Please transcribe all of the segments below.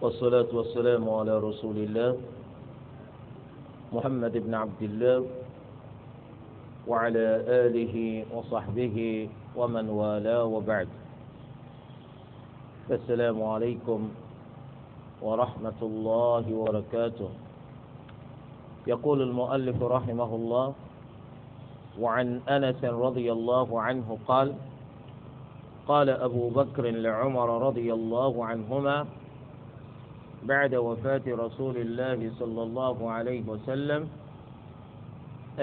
والصلاة والسلام على رسول الله محمد بن عبد الله وعلى آله وصحبه ومن والاه وبعد السلام عليكم ورحمة الله وبركاته يقول المؤلف رحمه الله وعن أنس رضي الله عنه قال قال أبو بكر لعمر رضي الله عنهما بعد وفاة رسول الله صلى الله عليه وسلم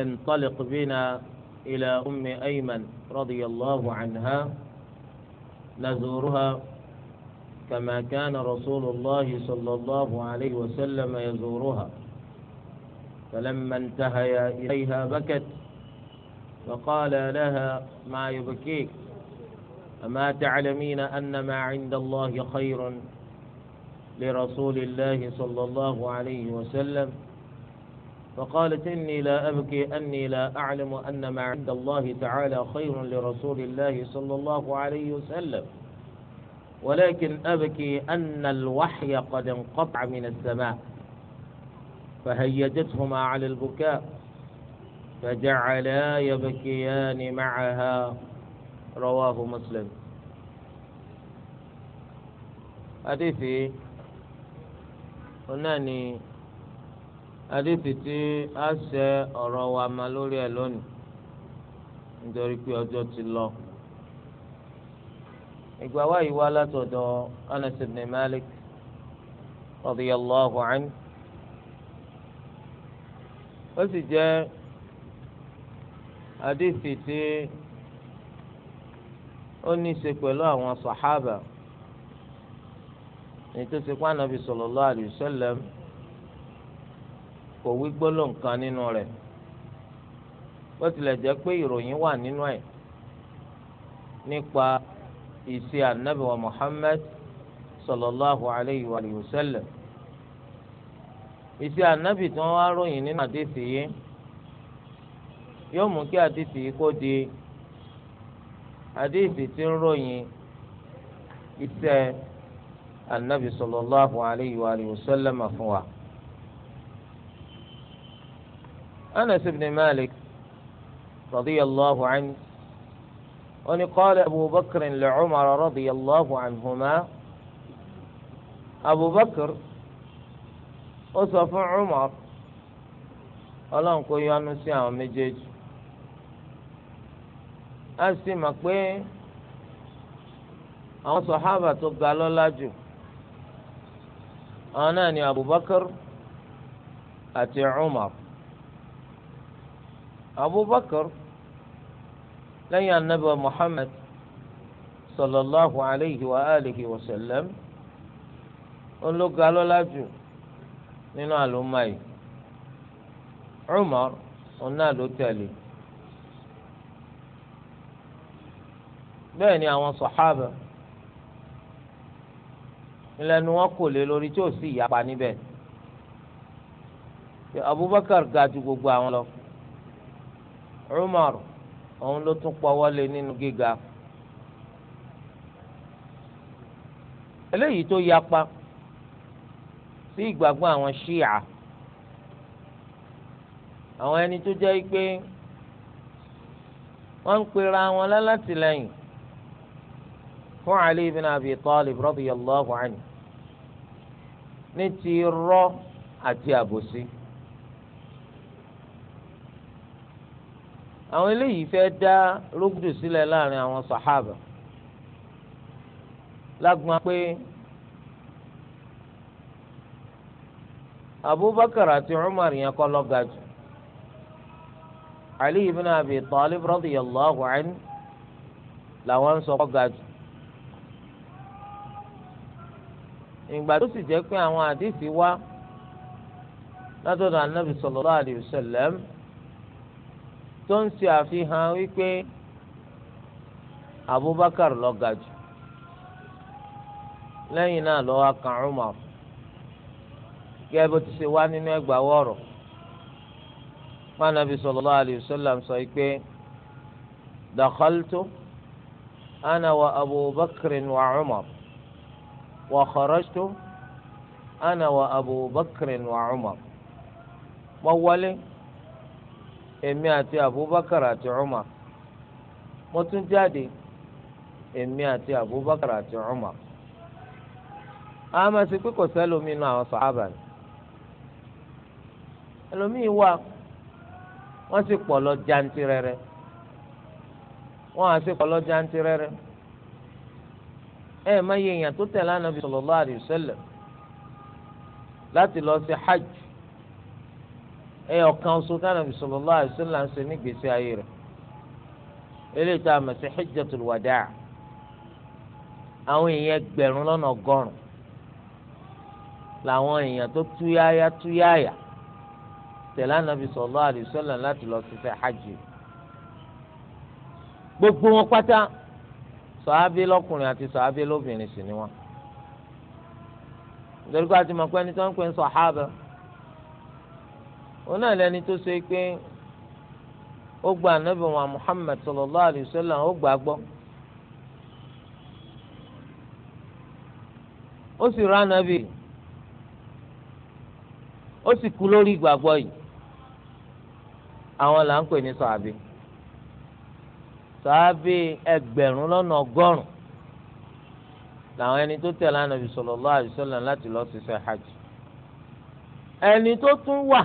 انطلق بنا إلى أم أيمن رضي الله عنها نزورها كما كان رسول الله صلى الله عليه وسلم يزورها فلما انتهيا إليها بكت فقال لها ما يبكيك أما تعلمين أن ما عند الله خير لرسول الله صلى الله عليه وسلم فقالت إني لا أبكي أني لا أعلم أن ما عند الله تعالى خير لرسول الله صلى الله عليه وسلم ولكن أبكي أن الوحي قد انقطع من السماء فهيجتهما على البكاء فجعلا يبكيان معها رواه مسلم حديثي òun náà ni adétì tí a ọ̀rọ̀ wa ma lórí ẹ̀ lónìí nítorí pé ti lọ. ìgbà wa wá látọ̀dọ̀ Anas ibn Malik radiyallahu anhu ó sì jẹ́ adétì ó ní í ṣe pẹ̀lú àwọn ètò ìsìnkú ànábì sallallahu alaihi wasallam kò wí gbólóhùn kan nínú rẹ̀ bó tilẹ̀ jẹ́ pé ìròyìn wà nínú ẹ̀ nípa ìṣe ànábì wa Muhammad sallallahu alaihi wasallam ìṣe ànábì tí wọ́n wá ròyìn nínú àdéhìí yìí yóò mú kí àdéhìí yìí kó di àdéhìí tí ń ròyìn iṣẹ́ anabi sallallahu alayhi wa sallam fún wa. anas ibn malik radiyallahu anhu wọ́n ní qala abu bakr li umar radiyallahu anhuma abu bakr ó sọ fún umar ọlọ́run kò yọ́nú sí àwọn méjèèjì a sì mọ̀ pé àwọn sọ̀hábà tó ga lọ́lá jù àwọn náà ni abubakar àti umar abubakar lẹ́yìn anabi muhammad sallallahu alayhi wa alihi wa sallam ológa lọ́lá jù nínú àlùmọ́ yìí umar ọ̀nà ló tẹ̀lé bẹ́ẹ̀ ni àwọn sọ̀hábà ńlẹ́nu wọn kò lé lórí tí ò sì yapa níbẹ̀ Abubakar ga ju gbogbo àwọn lọ Umar òun ló tún pọwọ́ lé nínú gíga eléyìí tó yapa sí ìgbàgbọ́ àwọn Shia àwọn ẹni tó jẹ́ pé wọ́n ń pera wọn lálátìlẹ́yìn fún Ali ibn Abi Talib radiyallahu anhu ní ti rọ́ àti àbòsí. àwọn eléyìí fẹ́ dá rúgùdù sílẹ̀ láàrin àwọn sàhábà lágbọ́n pé abubakar àti umar yẹn kọ́ lọ́ga jù ali ibn abi talib radiyallahu anhu làwọn sọ kọ́ ga jù ìgbà tó sì jẹ́ pé àwọn àdìsí wá látọ̀dọ̀ anábì sallallahu alaihi wasallam tó ń ṣe àfihàn wípé Abubakar ló ga jù lẹ́yìn náà ló wá kan Umar gẹ́gẹ́ bó ti ṣe wá nínú ẹgbàá wọ̀rọ̀ mánàbí sallallahu alaihi wasallam sọ pé dakhaltu ana wa Abubakar wa Umar wa kharajtu ana wa Abu Bakr wa Umar mo wọlé èmi àti Abu Bakr àti Umar mo tún jáde èmi àti Abu Bakr àti Umar àmọ́ sí pé kò sẹ́lómi nu àwọn sàhábà ni ẹlòmíì wà wọ́n sì pọ̀ lọ jantirẹrẹ wọ́n á sì pọ̀ lọ jantirẹrẹ ẹ má yẹ èèyàn tó tẹ̀lé ànábì sallallahu alaihi wasallam láti lọ sí hajj ẹ ọ̀kan oṣù tánàbì sallallahu alaihi wasallam ń ṣe nígbèsè ayé rẹ̀ eléyìí tá a mọ̀ sí hijjatul wadaa àwọn èèyàn ẹgbẹ̀rún lọ́nà ọgọ́rùn làwọn èèyàn tó túyáyá túyáyá tẹ̀lé ànábì sallallahu alaihi wasallam láti lọ sí hajj gbogbo wọn pátá. sọ̀hábí lọ́kùnrin àti sọ̀hábí lóbìnrin sì ni wọ́n. nítorí pé a ti ẹni tó ń pè ń sọ̀hábà òun náà lẹni tó ṣe gba ànábì wọn Muhammad sallallahu alayhi wa sallam ó gbà gbọ́. ó sì rán ànábì ó sì kú lórí ìgbàgbọ́ yìí àwọn là ń sàábì ẹgbẹ̀rún lọ́nà ọgọ́rùn làwọn ẹni tó tẹ̀lé ànábì sallallahu alaihi wasallam láti lọ hajj ẹni tó tún wà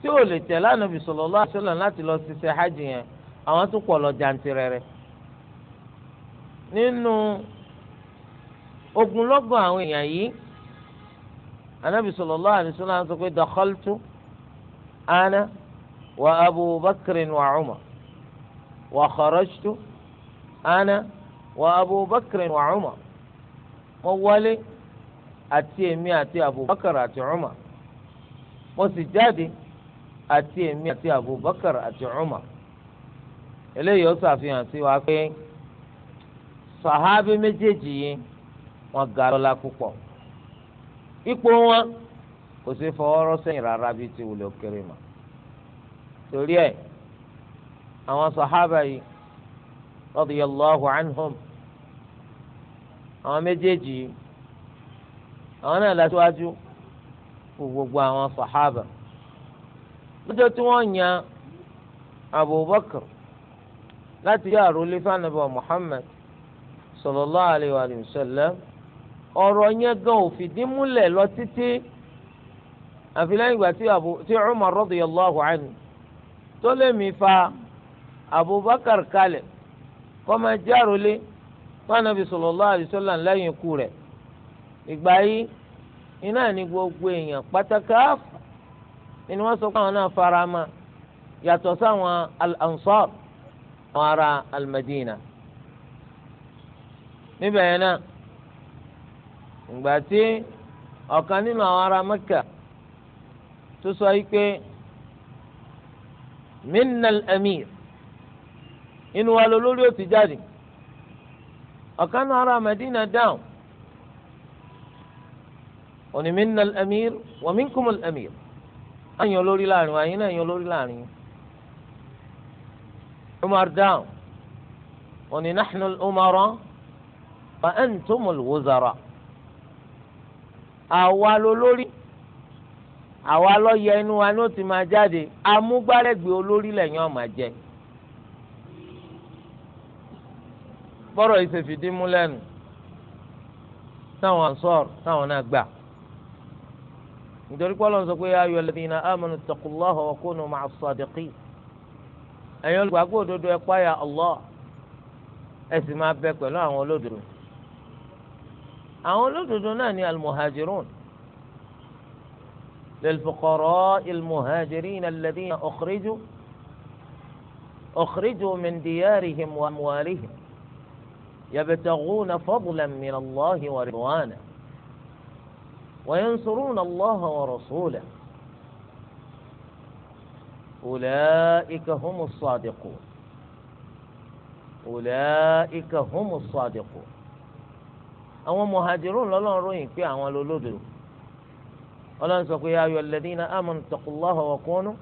tí ò lè tẹ̀lé ànábì láti lọ hajj yẹn àwọn pọ̀ lọ jantirẹrẹ nínú ogunlọ́gọ̀ àwọn èèyàn yìí ànábì sallallahu ana wa Abu Umar. وخرجت أنا وأبو بكر وعمر مولي أتي أمي أتي أبو بكر أتي عمر وسجادي أتي أمي أتي أبو بكر أتي عمر eléyìí ó ṣàfihàn sí wa pé sàhábì méjèèjì yìí wọ́n ga lọ́lá púpọ̀ ipò wọn kò sí fọwọ́rọ́ sẹ́yìn rárá bíi ti wùlé òkèrè mọ́ torí ẹ̀ àwọn sàhábà yìí radiyallahu anhum àwọn méjèèjì yìí àwọn náà lásìwájú gbogbo àwọn sàhábà lọ́jọ́ tí wọ́n yan abubakar láti yá àròlé fanabu muhammad sallallahu alayhi wa sallam ọ̀rọ̀ yẹn gan ò fìdí múlẹ̀ lọ títí àfi lẹ́yìn ìgbà tí Umar radiyallahu anhu tó lè mí fa abubakar kalẹ̀ kọ́mọ jẹ́ àròlé fún anabi sallallahu alaihi wasallam lẹ́yìn ikú rẹ̀ ìgbà yìí iná ní gbogbo èèyàn pátákà ni wọ́n sọ pé àwọn náà fara mọ́ yàtọ̀ sáwọn al-ansar àwọn ará al níbẹ̀ yẹn náà ìgbà tí ọ̀kan nínú àwọn ará mẹ́kà tó sọ yìí pé minnal amir inú wa lolórí ó ti jáde ọ̀kan náà ará Madina dáhùn òní minna al-amir wa minkum al-amir àyàn lórí láàrin wa yín náà yàn lórí láàrin yín Umar dáhùn òní nahnu al-umara wa antum al-wuzara àwa lolórí àwa ló yẹ inú wa ni ó ti máa jáde amúgbálẹ́gbẹ̀ẹ́ olórí lẹ́yìn ọ̀ máa jẹ́. bọ́rọ̀ yìí ṣe fìdí mú lẹ́nu táwọn ansọ́r táwọn náà gbà nítorí pọ́lọ́ sọ pé ayọ̀ lẹ́dínà amanu taqullaha wa kunu ma'a as-sadiqin ẹ̀yin olùgbàgbọ́ òdodo ẹ páyà Allah ẹ sì máa bẹ pẹ̀lú àwọn olódodo àwọn olódodo náà ni al للفقراء المهاجرين الذين أخرجوا أخرجوا من ديارهم وأموالهم يبتغون فضلا من الله ورضوانه وينصرون الله ورسوله أولئك هم الصادقون أولئك هم الصادقون àwọn muhajirun lọ́lọ́run ròyìn pé àwọn lolódo ọlọ́run sọ pé ayọ̀ lẹ́dínà amọ̀nù tọkùlọ́họ̀ ọ̀kúnnú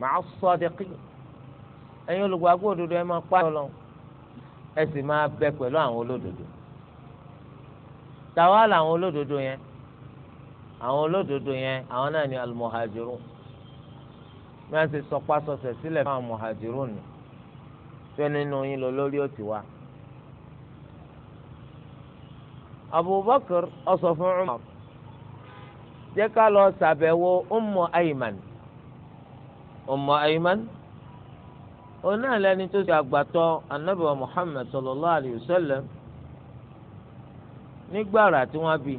màá sọ́ọ́dẹ́kì ẹ̀yin olùgbàgbọ́ òdodo ẹ̀ máa pa ọlọ́run ẹ sì máa bẹ pẹ̀lú àwọn olódodo tàwa làwọn olódodo yẹn àwọn olódodo yẹn àwọn náà ni almuhajirun bí wọ́n ti sọpá sọsẹ̀ sílẹ̀ fún àwọn muhajirun ni tó nínú yín lọ lórí òtí wa. abubakar ọsọ fún umar jẹ́ ká lọ ṣàbẹ̀wò ummu ayman ummu ayman. onáà lẹni tó ṣe àgbàtọ́ anabi wa muhammed sallallahu alayhi wa sallam nígbàrà tí wọ́n bí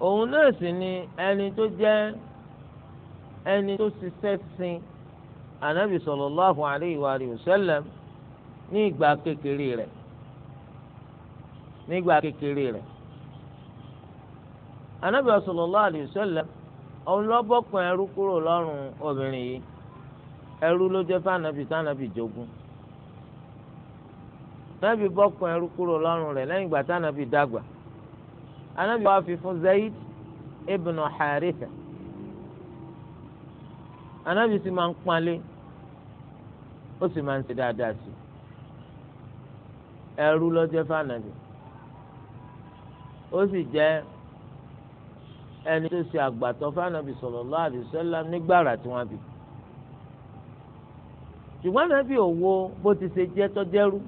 òun náà sì ni ẹni tó jẹ́ ẹni tó sin anabi sallallahu alayhi wa sallam ní ìgbà kékeré anabi sallallahu alayhi wa sallam òun lọ bọ́kùn ẹrú ló jẹ́ fànàbì tànàbì jogún nàbì bọ́kùn ẹrú kúrò lọ́rùn rẹ̀ lẹ́yìn ìgbà tànàbì dàgbà ànàbì wá fi fún Zayd ibn Haritha ànàbì sì máa ń pọ́nlé ó sì máa ń ṣe dáadáa sí ẹrú ló jẹ́ fànàbì ó sì jẹ́ ẹni tó ṣe àgbàtọ́ fànàbì sallallahu alaihi wasallam nígbàrà tí wọ́n bì í ṣùgbọ́n nàbì òwò bó ti ṣe jẹ́ tọ́jẹ́rú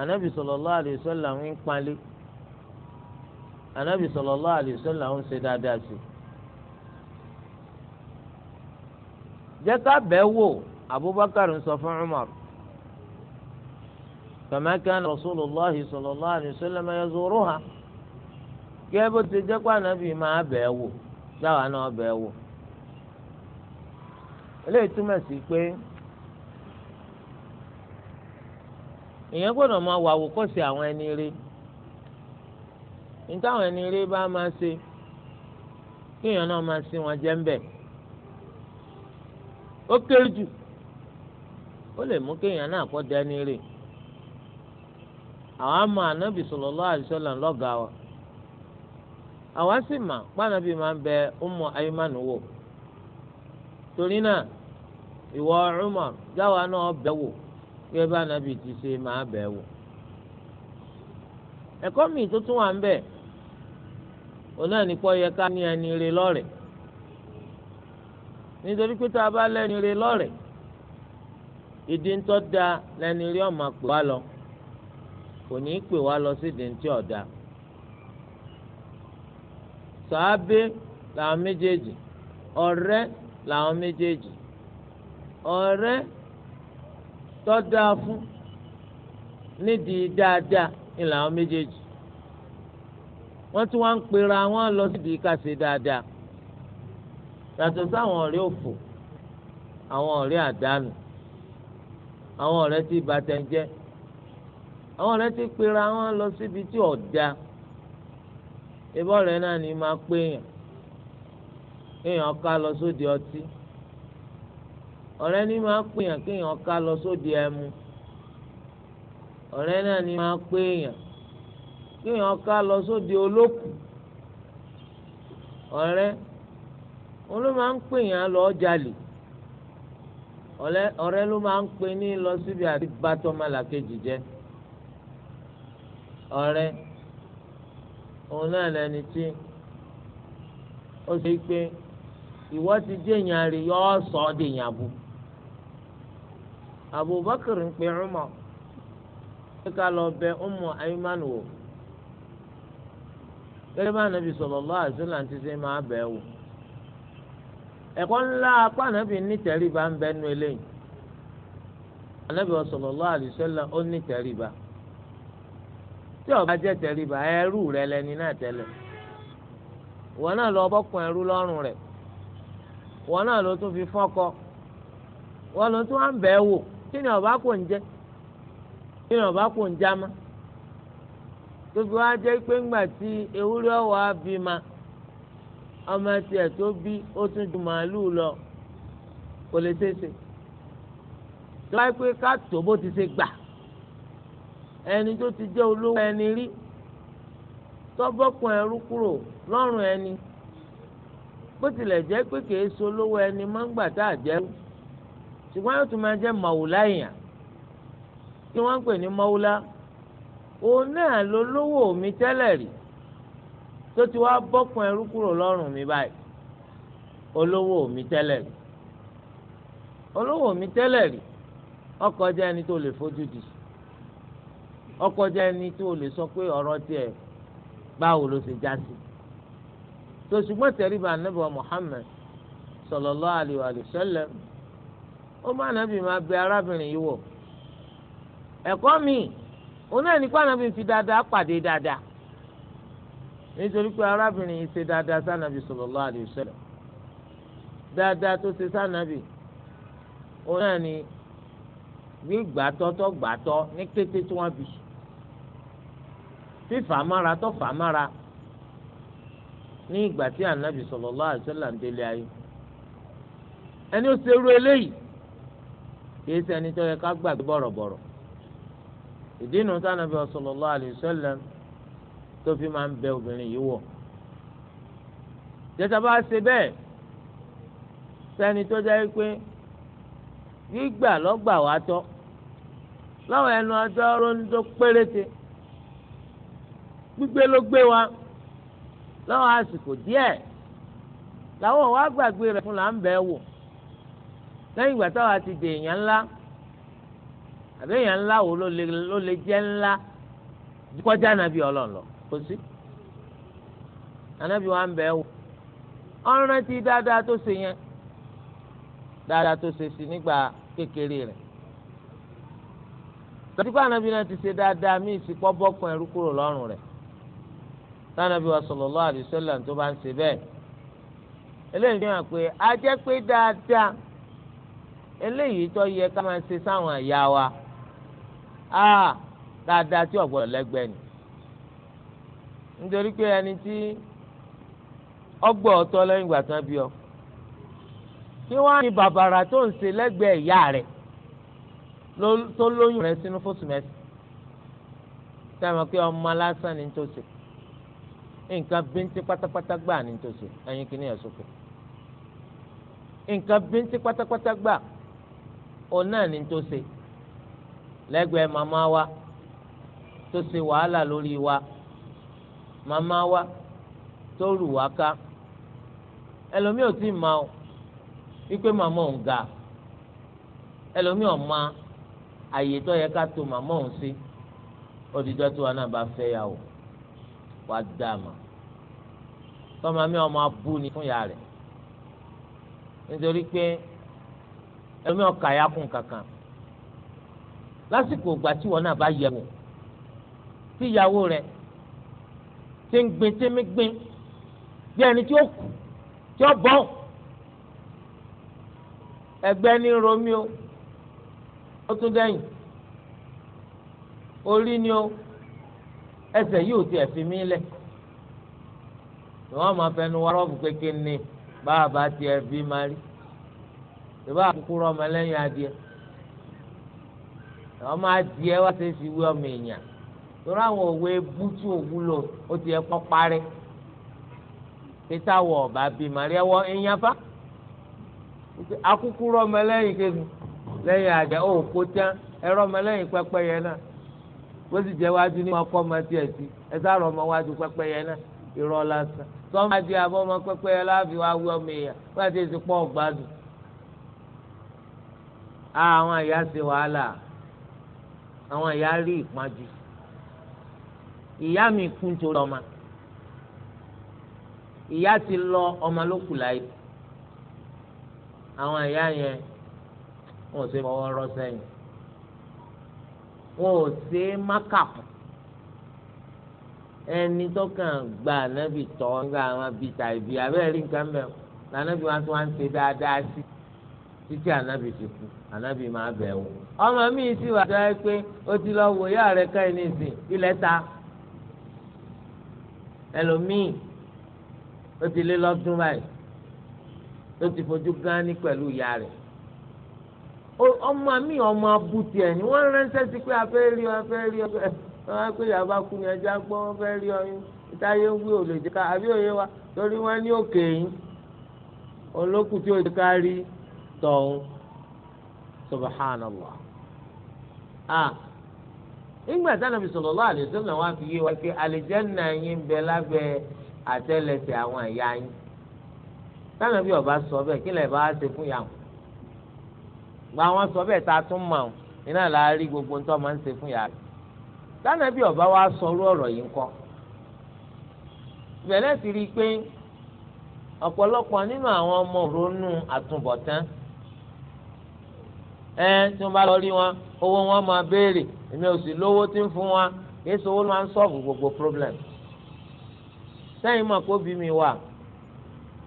ànábì sallallahu alaihi wasallam ń palẹ̀ ànábì sallallahu alaihi wasallam ń ṣe dáadáa sí i. jẹ́ ká bẹ́ẹ̀ wò abubakar ń sọ fún umar kama kana rasulullah sallallahu alaihi wasallam yazuruha kí ẹ bó ti jẹ́ kó ànábì máa bẹ́ẹ̀ wò dáwà náà bẹ́ẹ̀ wò. eléyìí túmọ̀ sí pé èèyàn gbọ́dọ̀ máa wà wòkọ́sí àwọn ẹni rí ní táwọn ẹni rí bá máa ṣe kí èèyàn náà máa ṣe wọn jẹ́ ń bẹ̀ ó kéré jù ó lè mú kéèyàn náà kọ́ dání rè àwọn àmọ́ ànábì sallallahu lọ gawa awa wa àwa sì mà pàànàbì máa ń bẹ wò ìwọ Umar jáwa náà bẹ̀ wò gẹ́gẹ́ bá nàbì ti ṣe máa bẹ̀ mi tó tún wà ń bẹ̀ òun náà ní pọ́ ká ní ẹni rè lọ́rẹ̀ nítorí pé tá bá lẹ́ni rè da lẹ́ni rí ọ̀ma pè wá lọ kò ní í pè wá lọ sí ìdí ọ̀dà sàábé ọ̀rẹ́ tó fún nídìí dáadáa ni làwọn méjèèjì wọ́n tún wá ń pera wọn lọ síbi káṣe dáadáa yàtọ̀ sáwọn ọ̀rẹ́ òfò àwọn àdánù àwọn ọ̀rẹ́ tí àwọn ọ̀rẹ́ tí pera wọn lọ síbi tí náà ni máa pé èèyàn èèyàn ká lọ ọ̀rẹ́ ni máa pè yàn kéèyàn ká lọ sóde ẹmu ọ̀rẹ́ náà ni máa pè yàn kéèyàn ká lọ sóde olókù ọ̀rẹ́ olú máa ń pè yàn lọ jalè ọ̀rẹ́ ló máa ń pè ní lọ síbi àti jẹ́ ọ̀rẹ́ òun náà lẹni tí ó ti jẹ́ rí yọ abubakar ń pe Umar pé ká lọ bẹ Ummu Ayman wò gẹ́gẹ́ bá nàbì sallallahu alaihi wasallam ti ṣe máa bẹ̀ wò ẹ̀kọ́ ńlá apá nàbì nítẹríba ń bẹnu eléyìí ànábì sallallahu alaihi wasallam ó nítẹríba tí ó bá jẹ́ tẹríba ẹrú rẹ lẹni náà tẹ́lẹ̀ wọn náà lọ bọ́kùn ẹrú lọ́rùn rẹ̀ wọn náà ló tún fi fọ́kọ wọn ló tún wá ń bẹ̀ wò kí ni ọba kò ń jẹ kí ọba kò ń já tóbi wá jẹ́ pé ńgbà tí ewúrẹ́ ọ̀wá bí ma ọmọ tiẹ̀ tó bí ó tún ju màálù lọ kò lè tẹ̀sẹ̀ tó wáyé pé ká tó bó ti ṣe gbà ẹni tó ti jẹ́ olówó ẹni rí tọ́bọ̀kùn ẹrú kúrò lọ́rùn ẹni bó tilẹ̀ jẹ́ pé kìí ṣolówó ẹni máa ń gbà tá àjẹrú ṣùgbọ́n yóò tún máa jẹ́ màwùlá èèyàn kí wọ́n ń pè ní màwùlá òun náà ló lówó mi tẹ́lẹ̀ rí tó ti wá bọ́kùn ẹrú kúrò lọ́rùn mi báyìí olówó mi tẹ́lẹ̀ rí olówó mi tẹ́lẹ̀ rí ọkọ̀ jẹ́ ẹni tó lè fojú di ọkọ̀ jẹ́ ẹni tó lè sọ pé ọ̀rọ̀ tiẹ̀ báwo ló ṣe já sí tó ṣùgbọ́n anábọ̀ Muhammad sallallahu alaihi wa sallam ó má nàbì máa bẹ arábìnrin yìí wò ẹ̀kọ́ mi òun náà nípa nàbì fi dáadáa pàdé dáadáa nítorí pé arábìnrin yìí ṣe dáadáa sànàbì sallallahu alaihi wasallam dáadáa tó ṣe sànàbì òun náà ni gbígbàtọ́ tó gbàtọ́ ní kété tí wọ́n bí fífàmára tó fàmára ní ìgbà tí ànábì sallallahu alaihi wasallam ń délé ayé ẹni ó ṣerú eléyìí kìí ṣe ẹni tó yẹ ká gbàgbé bọ̀rọ̀bọ̀rọ̀ ìdínú sànàbí sallallahu alaihi tó fi máa ń bẹ obìnrin yìí wọ̀ jẹta bá ṣe bẹ́ẹ̀ sẹ́ni tó jẹ́ pé gbígbà lọ́gbà wá tọ́ láwọn ẹnu ọjọ́ rondó péréte gbígbé ló gbé wa láwọn àsìkò díẹ̀ làwọn wá gbàgbé rẹ̀ fún là ń bẹ́ẹ̀ wò. lẹ́yìn ìgbà táwa ti dè èèyàn ńlá àbí ńlá wo ló lè ló le jẹ́ ńlá kọjá ànábì ọlọ́ọ̀lọ́ kò sí ànábì wa ń bẹ̀ wò ọ̀ràn ti dáadáa tó ṣe yẹn dáadáa tó ṣe sí nígbà kékeré rẹ̀ tọ́síkọ́ ànábì náà ti ṣe dáadáa míì sí bọ́kùn ẹrú kúrò lọ́rùn rẹ̀ tánàbí wa sallallahu tó bá ń ṣe bẹ́ẹ̀ eléyìí fi hàn pé a jẹ́ eléyìí tó yẹ ká máa ṣe sáwọn ìyá wa á dáadáa tí ọ̀gbọ́n lẹ́gbẹ̀ẹ́ ni nítorí pé ẹni tí ọgbọ́n ọ̀tọ́ lẹ́yìn ìgbà tán bí ọ kí wọ́n á ní bàbàrà tó ń ṣe lẹ́gbẹ̀ẹ́ ìyá rẹ̀ tó lóyún rẹ̀ sínú fóṣù mẹ́sì lásán ni tó ṣe nǹkan bíntín pátápátá gbà ni tó ṣe kìíní ẹ̀ sókè nǹkan bíntín pátápátá gbà. òun ni ní tó ṣe lẹ́gbẹ̀ẹ́ màmá wa tó ṣe wàhálà lórí wa màmá wa tó rù wá ká ẹlòmíì ò tí ì máa o wípé màmá òun ga ẹlòmíì ò máa àyè tó yẹ ká tó màmá òun sí òdìjọ́ tí wọn náà bá fẹ́ yà wò wá dá a mà tọ́mọ mi ọmọ abú ni fún yà nítorí pé ẹlòmíì ọkà ya kún kankan lásìkò ìgbà tí wọn náà bá yẹ wò tí ìyàwó rẹ ti ń gbin tí mi gbin bí ẹni tí ó kù tí ó bọ̀ ẹgbẹ́ ní romi o ó tún dẹ́yìn orí ni ó ẹsẹ̀ yìí ò tiẹ̀ fi mí lẹ̀ ni máa fẹnu wá rọ́ọ̀bù kékeré ní bá a bá tiẹ̀ bí máa rí. ìbá baa ọmọ ẹlẹ́yìn adìẹ ọmọ adìẹ wá ṣe é fi ọmọ èèyàn torí àwọn òwe bú tí ó ti ẹ parí pété àwọ̀ ọ̀bà màríà wọ ẹ̀yìn afá ọmọ ẹlẹ́yìn lẹ́yìn àjà ó kó tán ọmọ ẹlẹ́yìn yẹn náà sì jẹ́ wájú ní ọkọ ọmọ tiẹ̀ sí ẹ sáré ọmọ wájú yẹn náà lásán tọ́mọ adìẹ àbọ̀ ọmọ yẹn wá wí ọmọ èèyàn wọ́n ti ti pọ̀ Ah, àwọn ìyá ṣe wàhálà àwọn ìyá rí ìpọ́njú ìyá mi kún torí ọmọ ìyá ti lọ ọmọ ló kù láyé àwọn ìyá yẹn wọn ò ṣe fọwọ́ rọ́ sẹ́yìn wọn ò ṣe mákàpù ẹni tó kàn gba ànábì tọ́ nígbà àwọn bíi tàbí abẹ́rẹ́ nǹkan mẹ́wọ́ lànàbì wọn tún wá ń ṣe dáadáa sí i títí ànábì fi kú ànábì máa bẹ̀ wò. ọmọ mi sì wà tó ẹ pé ó ti lọ wò yá rẹ ká ẹni sìn ilẹ̀ ta ẹlòmíì ó ti lé lọ́dún báyìí ó ti fojú gánni pẹ̀lú ìyá rẹ̀ ọmọ mi ọmọ abúti ẹ̀ ni wọ́n ránṣẹ́ sí pé a fẹ́ rí ọ a fẹ́ rí ọ wọ́n á pè yà bá kú ni ẹja gbọ́ wọ́n fẹ́ rí ọyún ìtayé ń wí òlòjìká àbí òye wa torí wọ́n ní òkè yín olókùn tí òjìká rí i. tọ́hún subhanallah ah nígbà tí Ànábì sallallahu alaihi wasallam wá fi yé wa pé àlìjẹ́nà yín ọba sọ bẹ́ẹ̀ kí lè bá fún yàwó gba wọn sọ bẹ́ẹ̀ tá a tún mọ̀ iná á rí gbogbo ntọ́ máa ń ṣe fún yàrá ọba wa sọ ọ̀rọ̀ yìí bẹ̀rẹ̀ rí ọ̀pọ̀lọpọ̀ nínú àwọn ọmọ òrónú àtúbọ̀tán ẹ tí wọn bá lọ rí wọn owó wọn máa béèrè èmi ò sì lówó tí ń fún wọn kì í ṣe owó ló máa ń sọ̀fù gbogbo problem. sẹ́yìn mọ̀ kó bí mi wà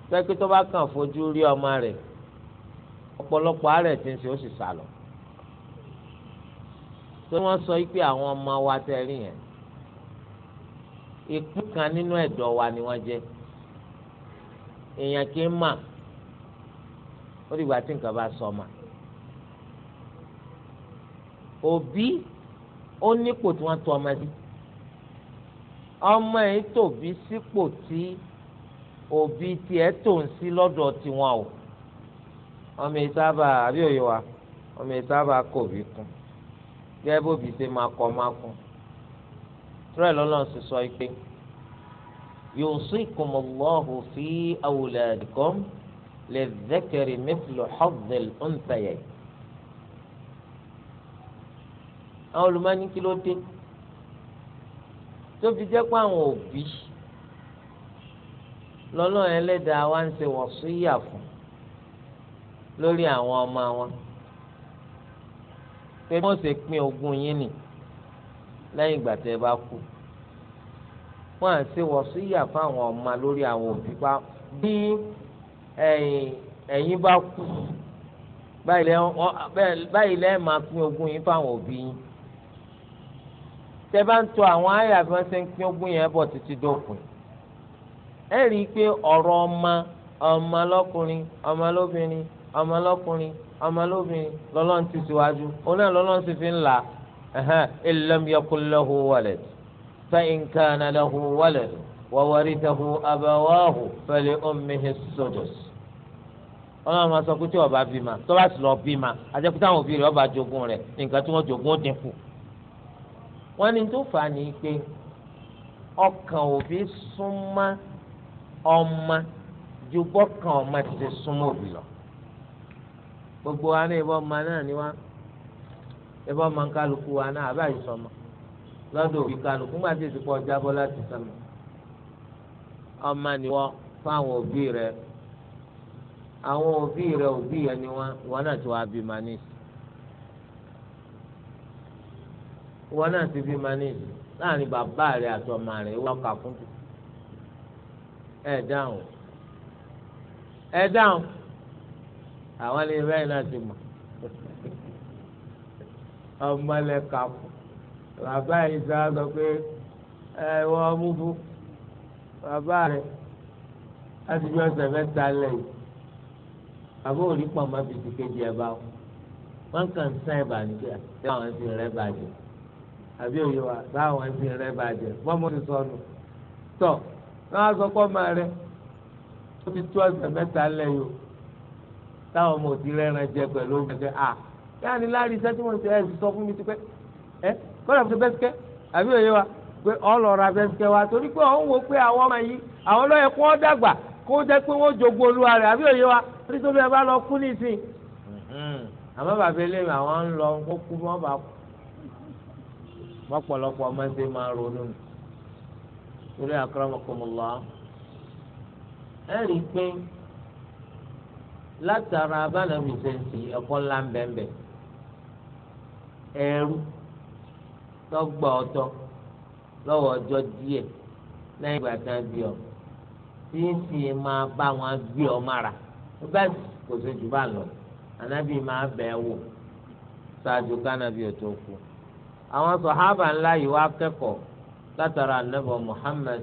pẹ́kí tó bá kàn fojú rí ọmọ rẹ̀ ọ̀pọ̀lọpọ̀ àárẹ̀ tí ń ṣe ó sì sá lọ. tó wọ́n sọ pé àwọn ọmọ wa tẹ́ rí yẹn ìpín kan nínú ẹ̀dọ̀ wa ni wọ́n jẹ́ èèyàn kì í mà ó dìgbà tí nǹkan bá sọ mà òbí ó nípò tí wọ́n tó ọmọ sí ọmọ yìí tòbí sípò tí òbí tiẹ̀ tó ń sí lọ́dọ̀ tiwọn o ọmọ ìsábà àbí òye wa ọmọ ìsábà kò bí kún gẹ́gẹ́ bóbi ṣe máa kọ́ máa kún tírẹ̀ lọ́lọ́run sì sọ pé yusikumullahu fi awladikum lidhakari mithlu hazzil unthayayn. àwọn olùmọ́ni kí ló dé tó fi jẹ́ pé àwọn òbí lọ́lọ́run ẹlẹ́dàá wa ń ṣe wọ̀síyà fún lórí àwọn ọmọ wọn pé wọ́n ṣe pín ogún yín nì lẹ́yìn ìgbà tẹ́ ẹ bá kú wọ́n à ṣe wọ̀síyà fún àwọn ọmọ lórí àwọn òbí pa bí ẹ̀yin bá kú báyìí lẹ́ẹ̀ máa pín ogún yín fún àwọn òbí yín tẹ́ bá ń tọ àwọn àyà bí wọ́n ṣe ń pín ogún yẹn bọ̀ títí dópin ẹ rí i pé ọ̀rọ̀ ọmọ ọmọ lọ́kùnrin ọmọ lóbìnrin ọmọ lọ́kùnrin ọmọ lóbìnrin lọ́lọ́run ti síwájú òun náà lọ́lọ́run sì fi ń là illam yakun lahu walad fa in kana lahu walad wa warithahu abawahu fali ummihi sudus ọlọ́run máa sọ pé tí ọba bímọ tó bá sì lọ bímọ àjẹkútà wọ́n ní tó fà á ní pé ọkàn òbí súnmọ́ ọmọ ju bọ́kàn ọmọ ti ṣe súnmọ́ òbí lọ gbogbo wa ní ìbọn ọmọ náà ni wá ìbọn ọmọ kálukú wa náà àbáyé sọmọ lọ́dọ̀ òbí kálukú má ti sìnkú ọjà láti sọmọ ọmọ ni wọ́n fáwọn òbí rẹ̀ àwọn òbí rẹ̀ òbí yẹn ni wọ́n ìwọ náà ti wá bí ní sí ìwọ náà ti fi máa níbi láàrin bàbá rẹ àti ọmọ rẹ ìwọ ọkà fún tu ẹ dáhùn ẹ dáhùn àwọn ilé bẹ́ẹ̀ náà ti mọ̀ ọmọ lẹ kà fún bàbá yìí sọ sọ pé ẹ wọ́n mú fún bàbá rẹ láti bí ọ̀sẹ̀ mẹ́ta lẹ́yìn bàbá òní pọ̀ mọ́ fi ẹ̀ bá wọn kàn sàn ẹ̀ bàjẹ́ àwọn ti rẹ̀ bàjẹ́ àbí òye wa báwọn ẹbí rẹ bàjẹ́ bọ́mọ ti sọnù tọ̀ náà sọ pé ọmọ rẹ ó ti tó ọ̀sẹ̀ mẹ́ta lẹ́yìn o táwọn ọmọ òdi rẹ́ran jẹ pẹ̀lú ọmọdé a yáàni láàrin iṣẹ́ tí wọ́n ti ẹ̀sìn sọ fún mi ti pẹ́ ẹ kọ́lá fún bẹ́sikẹ́ àbí òye wa pé ọlọ́ra bẹ́sikẹ́ wa torí pé òun wò pé àwọn ọmọ yìí àwọn lọ́yẹ̀ kó wọ́n dàgbà kó jẹ́ pé wọ́n jogbo olúwa rẹ̀ àbí òye wa nítorí ẹ bá lọ kú nísìn mm-hmm. àmọ́ bàbá eléyìí àwọn ń lọ kó kú wọ́n bá kú mọ́pọ̀lọpọ̀ ọmọ ẹsẹ̀ máa ronú nù torí àkàràmọ̀kọ̀mọ̀lá ẹ rí i pé látara abánàmì sẹ́ǹsì ẹ̀kọ́ ńlá ń bẹ̀ẹ̀bẹ̀ ẹ̀rú tọ́gbà ọ̀tọ̀ lọ́wọ́ ọjọ́ díẹ̀ lẹ́yìn ìgbà tán bí ọ tí ń sì máa bá wọn gbé ọ mára bẹ́ẹ̀ kò sí jù bá lọ ànábì máa bẹ̀ ẹ́ wò ṣáájú kánábì ò tó àwọn sọ̀hábà ńlá yìí wá kẹ́kọ̀ọ́ látara anábọ̀ Muhammad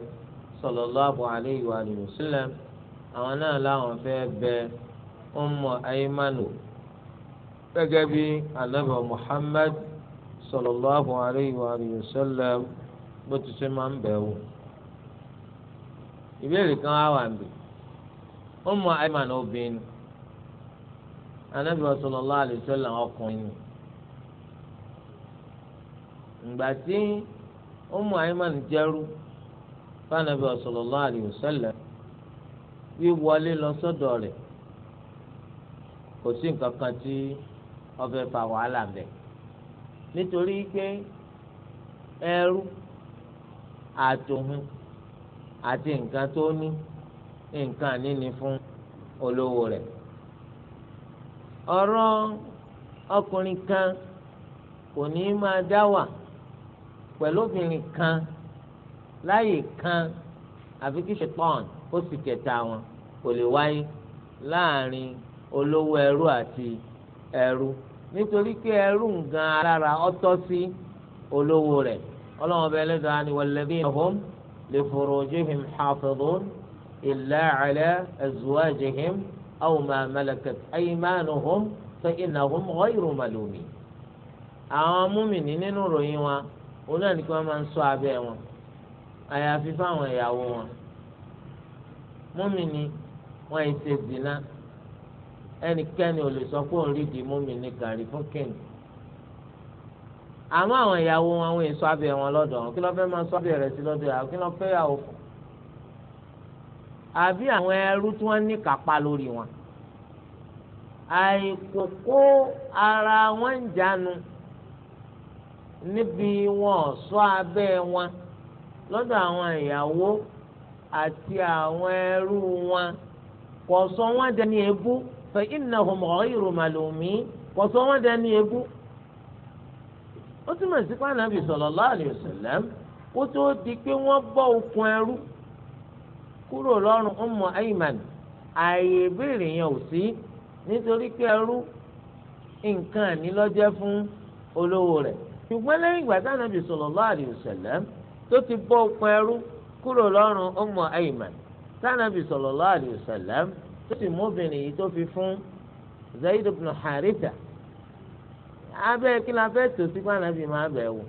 sallallahu alayhi wa sallam àwọn náà láwọn fẹ́ bẹ Ummu Aymanu gẹ́gẹ́ bí anábọ̀ Muhammad sallallahu alayhi wa sallam bó ti ṣe máa ń bẹ̀ wò. ìbéèrè kan á wà níbi Ummu Aymanu obìnrin anábọ̀ sallallahu alayhi wa sallam ọkùnrin ìgbà ụmụ Ummu Ayman jẹ́rú fanabi sallallahu alayhi wa sallam wíwọlé lọ sọdọ rẹ̀ kò sí nǹkan kan tí ọbẹ̀ fa wàhálà ikpe eru nítorí pé ẹrú àtòhun àti nǹkan tó ní nǹkan níní fún olówó rẹ ọrọ ọkùnrin kan kò ní máa dá wà. pẹ̀lú obìnrin kan láyè kan àfi kí ṣetán ó sì kẹta wọn kò lè wáyé láàrin olówó ẹrú àti ẹrú nítorí pé ẹrú nǹkan alára ọtọ́ sí olówó rẹ̀ ọlọ́run ọba ẹlẹ́dàá ni walladhina hum li furujihim hafidhun illa ala azwajihim aw ma malakat aymanuhum fa innahum ghayru malumin. àwọn múmìnì nínú ròyìn wọn òun náà ni kí wọ́n máa ń ṣọ́ abẹ́ wọn àyàfi fáwọn ìyàwó wọn múmìnì wọn yìí ṣe zina ẹnikẹ́ni ò lè sọ pé òun rí di múmìnì kàrí fún kẹ́ni àmọ́ àwọn ìyàwó wọn àwọn èso abẹ́ wọn lọ́dọ̀ àwọn kí ló fẹ́ máa ṣọ́ abẹ́ rẹ̀ sí lọ́dọ̀ àwọn kí ló fẹ́ yàwó fún àbí àwọn ẹrú tí wọ́n ní kápá lórí wọn àìkókó ara wọn ń jánu níbi wọn ṣọ́ abẹ́ wọn lọ́dọ̀ àwọn ìyàwó àti àwọn ẹrú wọn kò sọ wọn dẹni ebú fa innahum ghayru malumin kò sọ wọn dẹni ebú. ó túmọ̀ sí pé Ànábì sallallahu alayhi wa sallam kó tó di pé wọ́n bọ́ okùn ẹrú kúrò lọ́rùn Ummu Ayman ààyè ìbéèrè yẹn ò sí nítorí pé ẹrú nǹkan àní fún olówó rẹ̀. ṣùgbọ́n lẹ́yìn ìgbà táwọn ẹbí sallallahu alaihi wasallam tó ti bọ́ okùn ẹrú kúrò lọ́rùn Ummu Ayman táwọn ẹbí sallallahu tó mú obìnrin yìí fi fún Zayd ibn Haritha abẹ́ kí la fẹ́ tó sí pé ànábì máa bẹ̀ wò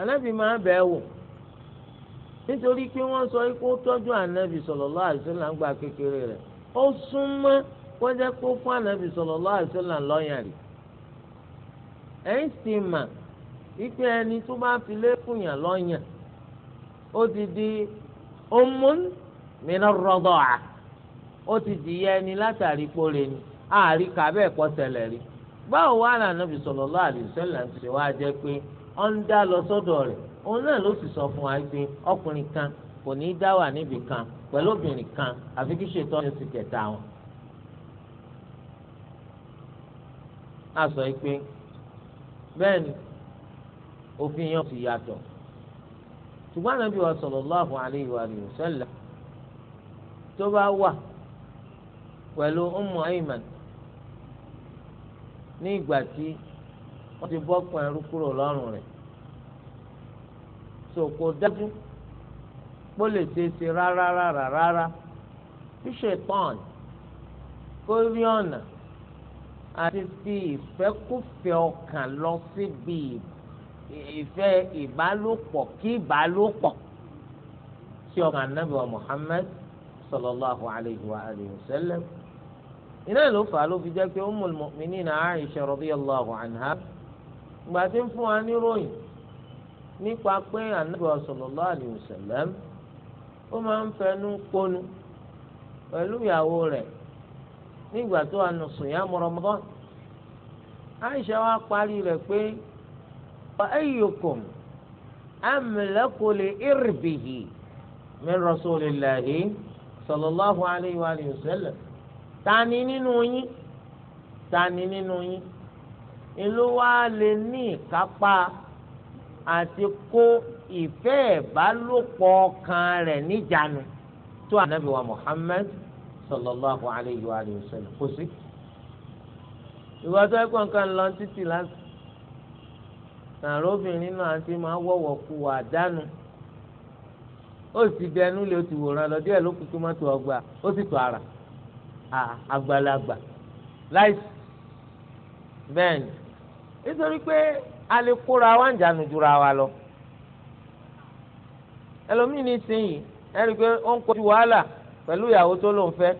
ànábì máa bẹ̀ wò nítorí pé wọ́n kékeré rẹ̀ ó súnmọ́ jẹ́ kó fún ànábì ẹ̀yin sì mà wípé ẹni tó bá fi lékùn yàn lọ́yàn ó ti di ọmọn mìíràn rọ́dọ̀ à ó ti di yẹ ẹni látàrí pólé ni àárí kàbẹ́ ẹ̀kọ́ tẹ̀lẹ̀ rí báwo wà lànàbì sallallahu alaihi wasallam ṣe wá jẹ́ pé pe ń dá lọ sọ́dọ̀ rẹ̀ òun náà ló sọ fún wa pé ọkùnrin kan kò ní í dá wà kan pẹ̀lú obìnrin kan àfi kí a sọ pé bẹ́ẹ̀ òfin yẹn ti yàtọ̀ ṣùgbọ́n ànábì wa sallallahu alayhi wa sallam tó bá wà pẹ̀lú Ummu Ayman ní ìgbà tí wọ́n ti bọ́kùn ẹrú kúrò lọ́rùn rẹ̀ so kò dájú kó lè ṣe rárá rárá rárá bí ṣe tán kó rí ọ̀nà. àti fi ìfẹ́kùfẹ́ ọkàn lọ síbi ìfẹ́ ìbálòpọ̀ kí ìbálòpọ̀ sí ọkàn Ànábì wa Muhammad sallallahu alayhi wa alihi wa sallam iná ló fà á ló fi jẹ́ pé ummul mu'minina Aisha radiyallahu anha ìgbà tí ń fún wa níròyìn nípa pé Ànábì wa sallallahu alayhi wa sallam ó máa ń fẹnu kónú pẹ̀lú ìyàwó rẹ̀ nígbà tó wà nù siyam Ramadan Aisha wa parí rẹ̀ pé wa ayyukum amlaku li irbihi min rasulillahi sallallahu alayhi wa sallam tani nínú yín tani nínú yín ìlú wa lè ní ìkápá àti kó ìfẹ́ ìbálòpọ̀ kan rẹ̀ níjànú tó ànábì wa sallallahu alayhi wa sallam kò sí. ìwà tó ẹ̀kọ́ nǹkan lọ títì lásán nàró obìnrin ma ti máa wọ̀wọ̀ O si dánù ó sì dẹnu ti wòran lọ ló ọgbà sì tó ara àgbàlagbà láìsí bẹ́ẹ̀ ni nítorí a lè kóra wa ń jura wa lọ ẹlòmíì ní sìn ẹ rí pẹ̀lú ìyàwó tó lòún fẹ́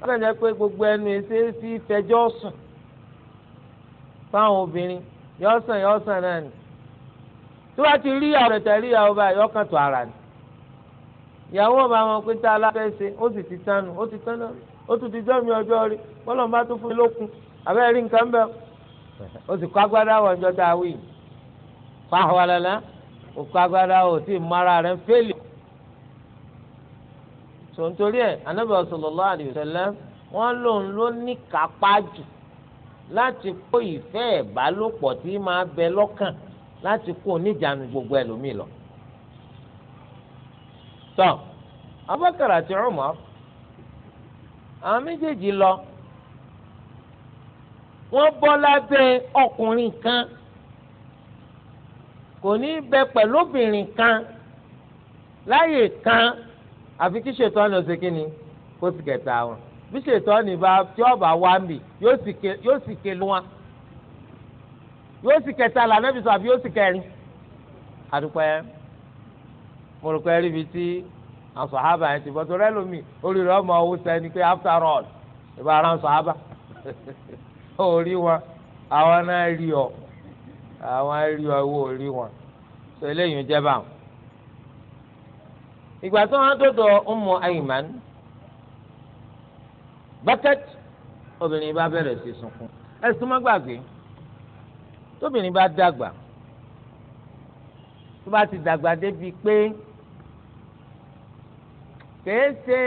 wọ́n lè jẹ́ pé gbogbo ẹnu ẹsẹ̀ fi fẹjọ́ sùn fáwọn obìnrin yọ̀ọ́sàn yọ̀ọ́sàn náà ni tí wọ́n ti rí ìyàwó rẹ̀ tẹ̀lé ìyàwó báyìí ọkàn tó ara ni ìyàwó ọba wọn pé tá a lábẹ́ ṣe ó sì ti tánu ó ti tán náà ó tún ti jọ́ mi ọjọ́ rí bọ́lá ọba tó fún mi lókun àbẹ́ rí nǹkan bẹ́ẹ̀ ó sì kọ́ agbádá wọ̀ ọjọ́ tá fáwọn alẹ́ náà ó kọ́ agbádá wọ̀ tí ìmọ̀ra rẹ̀ fẹ́lẹ̀ sòǹtorí ẹ̀ anábì sallallahu alayhi wa sallam wọ́n lòun ló ní kápá jù láti kó ìfẹ́ ìbálòpọ̀ tí máa bẹ lọ́kàn láti kó oníjànú gbogbo ẹlòmíì lọ. tọ́ Abubakar àti Umar àwọn méjèèjì lọ wọ́n bọ́ lábẹ́ ọkùnrin kan kò ní bẹ pẹ̀lú obìnrin kan láyè kan àfi kí ṣètọ́ni ó ṣe kí ni kó sì kẹta wọn bí ṣètọ́ni bá tí ọba wá ń bì yóò sì ké lọ́wọ́ yóò sì kẹta lànà bí sọ àbí yóò sì kẹrin àdúpẹ́ mo rò pé rí ibi tí àwọn ti bọ́ torí ẹlòmíì olùrẹ̀ ọmọ owó sẹ́ni pé after all ìbá ara ń sọ̀hábà ó rí wọn àwọn náà rí ọ àwọn rí ọ owó rí wọn sọ eléyìí ń jẹ́ báwọn ìgbà tí wọ́n dọ̀dọ̀ Ummu Ayman bákẹ́t obìnrin bá bẹ̀rẹ̀ sí sunkún ẹ̀sùn má gbàgbé tóbìnrin bá dàgbà tó bá ti dàgbà débi pé kèé ṣe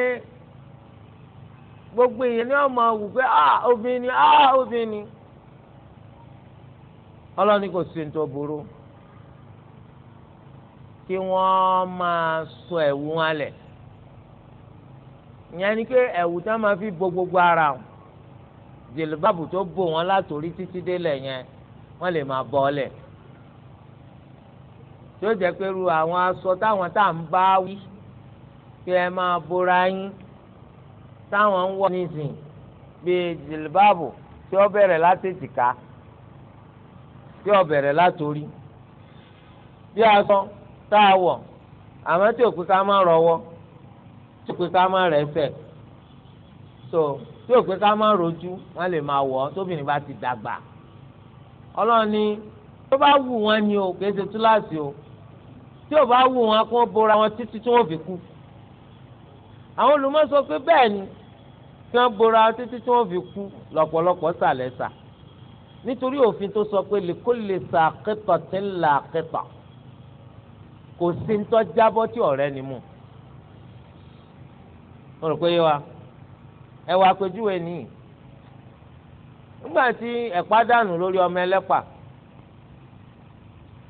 gbogbo èèyàn ni wọ́n máa wù pé ah obìnrin ah obìnrin ọlọ́ni kò sí ní tó burú kí wọ́n máa sọ ẹ̀wù wọn lẹ̀ ìyẹn ni pé ẹ̀wù tá máa fi bo gbogbo ara o jìlìbáàbù tó bò wọn látòrí títí délẹ̀ yẹn wọ́n lè máa bọ́ lẹ̀ tí ó jẹ́ pé ru àwọn aṣọ táwọn tá à ń bá wí kí ẹ máa bora yín táwọn ń wọ nísìn bíi jìlìbáàbù tí ó bẹ̀rẹ̀ láti èjìká tí ó bẹ̀rẹ̀ látòrí bí aṣọ tá a wọ̀ àmọ́ tí òpin ká má rọwọ́ tí òpin ká má rẹ́sẹ̀ so tí òpin ká má rojú wọ́n lè máa wọ̀ ọ́ tóbìnrin bá ti dàgbà ọlọ́run ni tó bá wù wọ́n ni o kì í ṣe túláàsì o tí ò bá wù wọ́n kó bora wọn títí tí wọ́n fi kú àwọn olùmọ̀ sọ pé bẹ́ẹ̀ ni tí wọ́n bora wọn títí tí wọ́n fi kú lọ́pọ̀lọpọ̀ sàlẹ̀ sà nítorí òfin tó sọ pé lèkó lè sàkẹ́tọ̀ tí ń là kẹ́tọ̀ kò sí ń tọ́ jábọ́ tí ọ̀rẹ́ ni mu mo rò pé wa ẹ wá nígbà tí ẹ̀pá dànù lórí ọmọ ẹlẹ́pà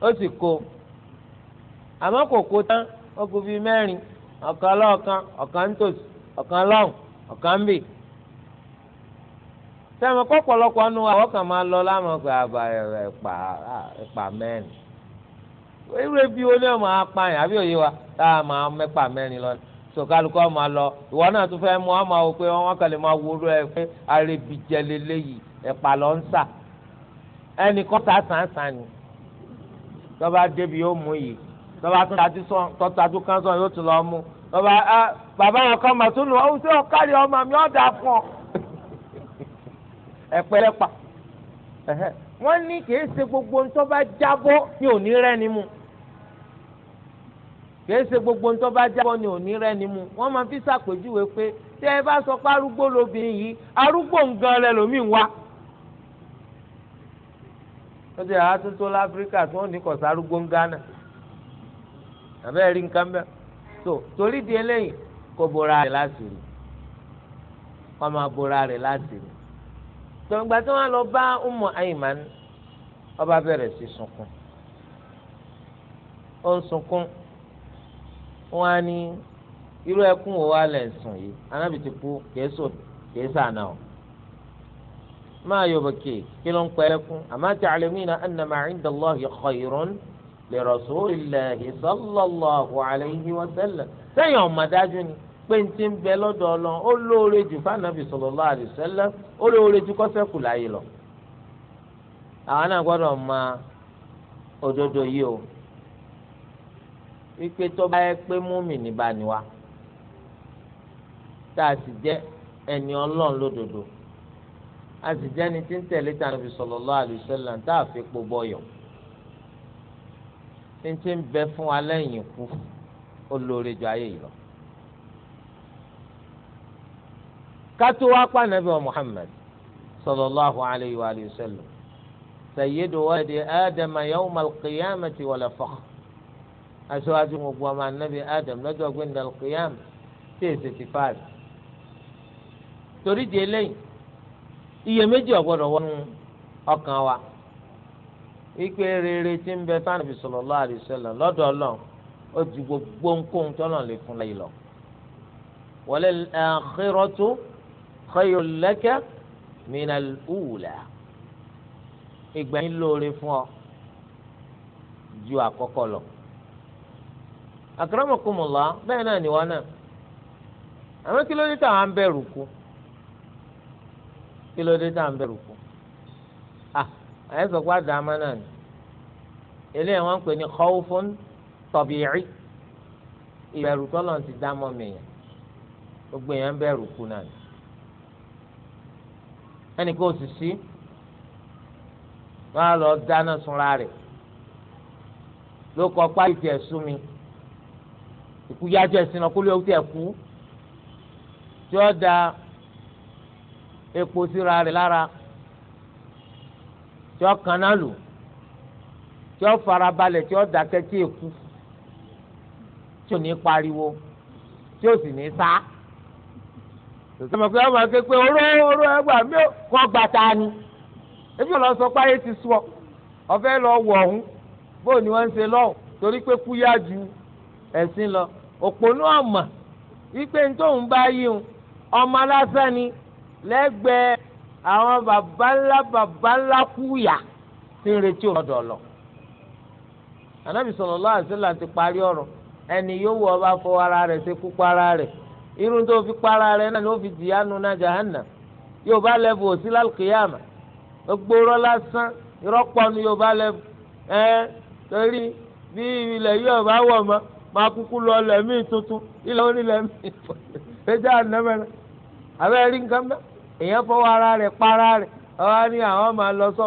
ó sì kó àmọ́ kò kó tán ó kú mẹ́rin ọ̀kan lọ́ọ̀kan ọ̀kan ńtòsí ọ̀kan lọ́hùn ọ̀kan sẹ́mi kọ́ pọ̀lọpọ̀ irú ebi wo ni ọ̀ máa pa yẹn àbí òye wa tá a máa mẹ́pà mẹ́rin lọ sọkálukọ máa lọ ìwọ náà tún fẹ́ mú ọmọ àwọn pé wọ́n kàn lè máa wúrú ẹ pé arébìjẹ lélẹ́yìí ẹ̀pà lọ ń sà ẹnì kan ta sàn sàn ni tọ́ba débi yóò mú yìí tọ́ba tó kan sàn yóò tún lọ mú tọ́ba ẹ bàbá yẹn kọ́ màtún nù ọ́n sí ọ̀kárí ọmọ mi ọ̀dà fún ọ ẹ̀pẹ̀lẹ́pà wọ́n ní kì í ṣe gbogbo ntọ́ba jábọ́ ní òní rẹ́ni mu kìí ṣe gbogbo ńtọ́ bá jábọ́ ni òní rẹ ni mu wọ́n máa fi ṣàpèjúwe pé tẹ́ ẹ bá sọ pé arúgbó lobìnrin yìí arúgbó nǹkan rẹ lòmíì wá. ó ti àá tó tó láfíríkà tí wọ́n ní kọ̀ sárúgbó ń Ghana àbẹ́ẹ̀ rí nǹkan bẹ́ẹ̀ tó torí di eléyìí kó bora rẹ̀ láti rí kó máa bora rẹ̀ láti rí. tòǹgbà tí wọ́n lọ bá Ummu Ayman ọba bẹ̀rẹ̀ sí sunkún ó ń sunkún wọn á ní irú ẹkún wo wá lẹ̀ ń sùn yìí anábì ti kú kèésò kèésà náà máa yọ̀bọ̀ kè kí ló ń pẹ́ ẹkún àmọ́ ta'lamina anna ma 'inda Allahi khayrun li rasulillahi sallallahu alayhi wa sallam sẹ́yìn ọ̀mọ̀ dájú ni pé n ti ń bẹ lọ́dọ̀ Ọlọ́run ó lóore jù fánàbì sallallahu alayhi wa ó lóore jù kọ́sẹ́kù láyé lọ. àwọn náà gbọ́dọ̀ máa òdodo yìí o wípé tó bá yẹ pé múmìnì bá ní wa tá a sì jẹ́ ẹni ọlọ́run lódodo a sì jẹ́ ẹni tí ń tẹ̀lé tí Ànábì sallallahu alaihi wasallam tá a fi po bọ́yọ̀ ní ti ń bẹ fún wa lẹ́yìn ikú ó ju ayé yìí lọ. kátó wá pa Ànábì wa Muhammad sallallahu alaihi wa alihi wasallam sayyidu waladi Adama yawma al aṣáájú gbogbo ọmọ anabi adam lọ́jọ́ gbẹ̀ndà kìyàm tí èsì ti fà rẹ̀. torí di eléyìí iyèméjì ọ̀gbọ́dọ̀ wọnú ọkàn wa ìpè rere tí ń bẹ fáànàbì sallallahu alaihi wasallam lọ́dọ̀ Ọlọ́run ó ju gbogbo nkóhun tọ́lọ̀ lè fún lẹ́yìn lọ. walal akhiratu khayrun laka minal ula ìgbà yín lóore fún ọ ju àkọ́kọ́ lọ akramakumullah bẹ́ẹ̀ náà ni wọ́n náà àmọ́ kí ló dé táwọn ń bẹ̀rù kú kí ló dé táwọn ń bẹ̀rù kú à ẹ sọ pé àdàmà náà ni eléyìí wọ́n ń pè ní khawfun tabi'i ìbẹ̀rù tọ́lọ̀ ti dá mọ́ gbogbo yẹn ń bẹ̀rù kú náà ni ẹnì kó o sì sí wọ́n á lọ dáná sunra rẹ̀ ló kọ́ pálí tiẹ̀ sú mi. ìkú esi na náà kó lè wọ́tí tí ó da epo síra rẹ̀ lára tí ó kan lò tí ó farabalẹ̀ tí ó dákẹ́ tí tí pariwo tí ò sì ní sá tòsíọ̀mọ̀ ọmọ ké oró oró ẹgbà mi ò kọ́ gbàtà ni ebi ọ̀lọ́ sọ pé ayé ti ọ̀fẹ́ lọ wọ̀ bóun ni wọ́n ń ṣe lọ́hùn torí ẹ̀sìn lọ òpònú ọmọ wípé tóun bá yí ọmọ lásán ni àwọn bàbá ńlá bàbá ńlá ń retí ọ̀dọ̀ lọ. ànábì ti parí ẹni yóò wọ ọba fọ ara rẹ̀ ṣe kú para irun tó fi para náà fi nu náà jahanna lálùkìyàmà ma kúkú lọ lẹ́mí tuntun ilẹ̀ orí lẹ́mí ẹjẹ́ ànámẹ́rẹ́ abẹ́ rí nǹkan mẹ́ èèyàn fọwọ́ ara rẹ̀ para rẹ̀ ọwọ́ ni àwọn máa lọ sọ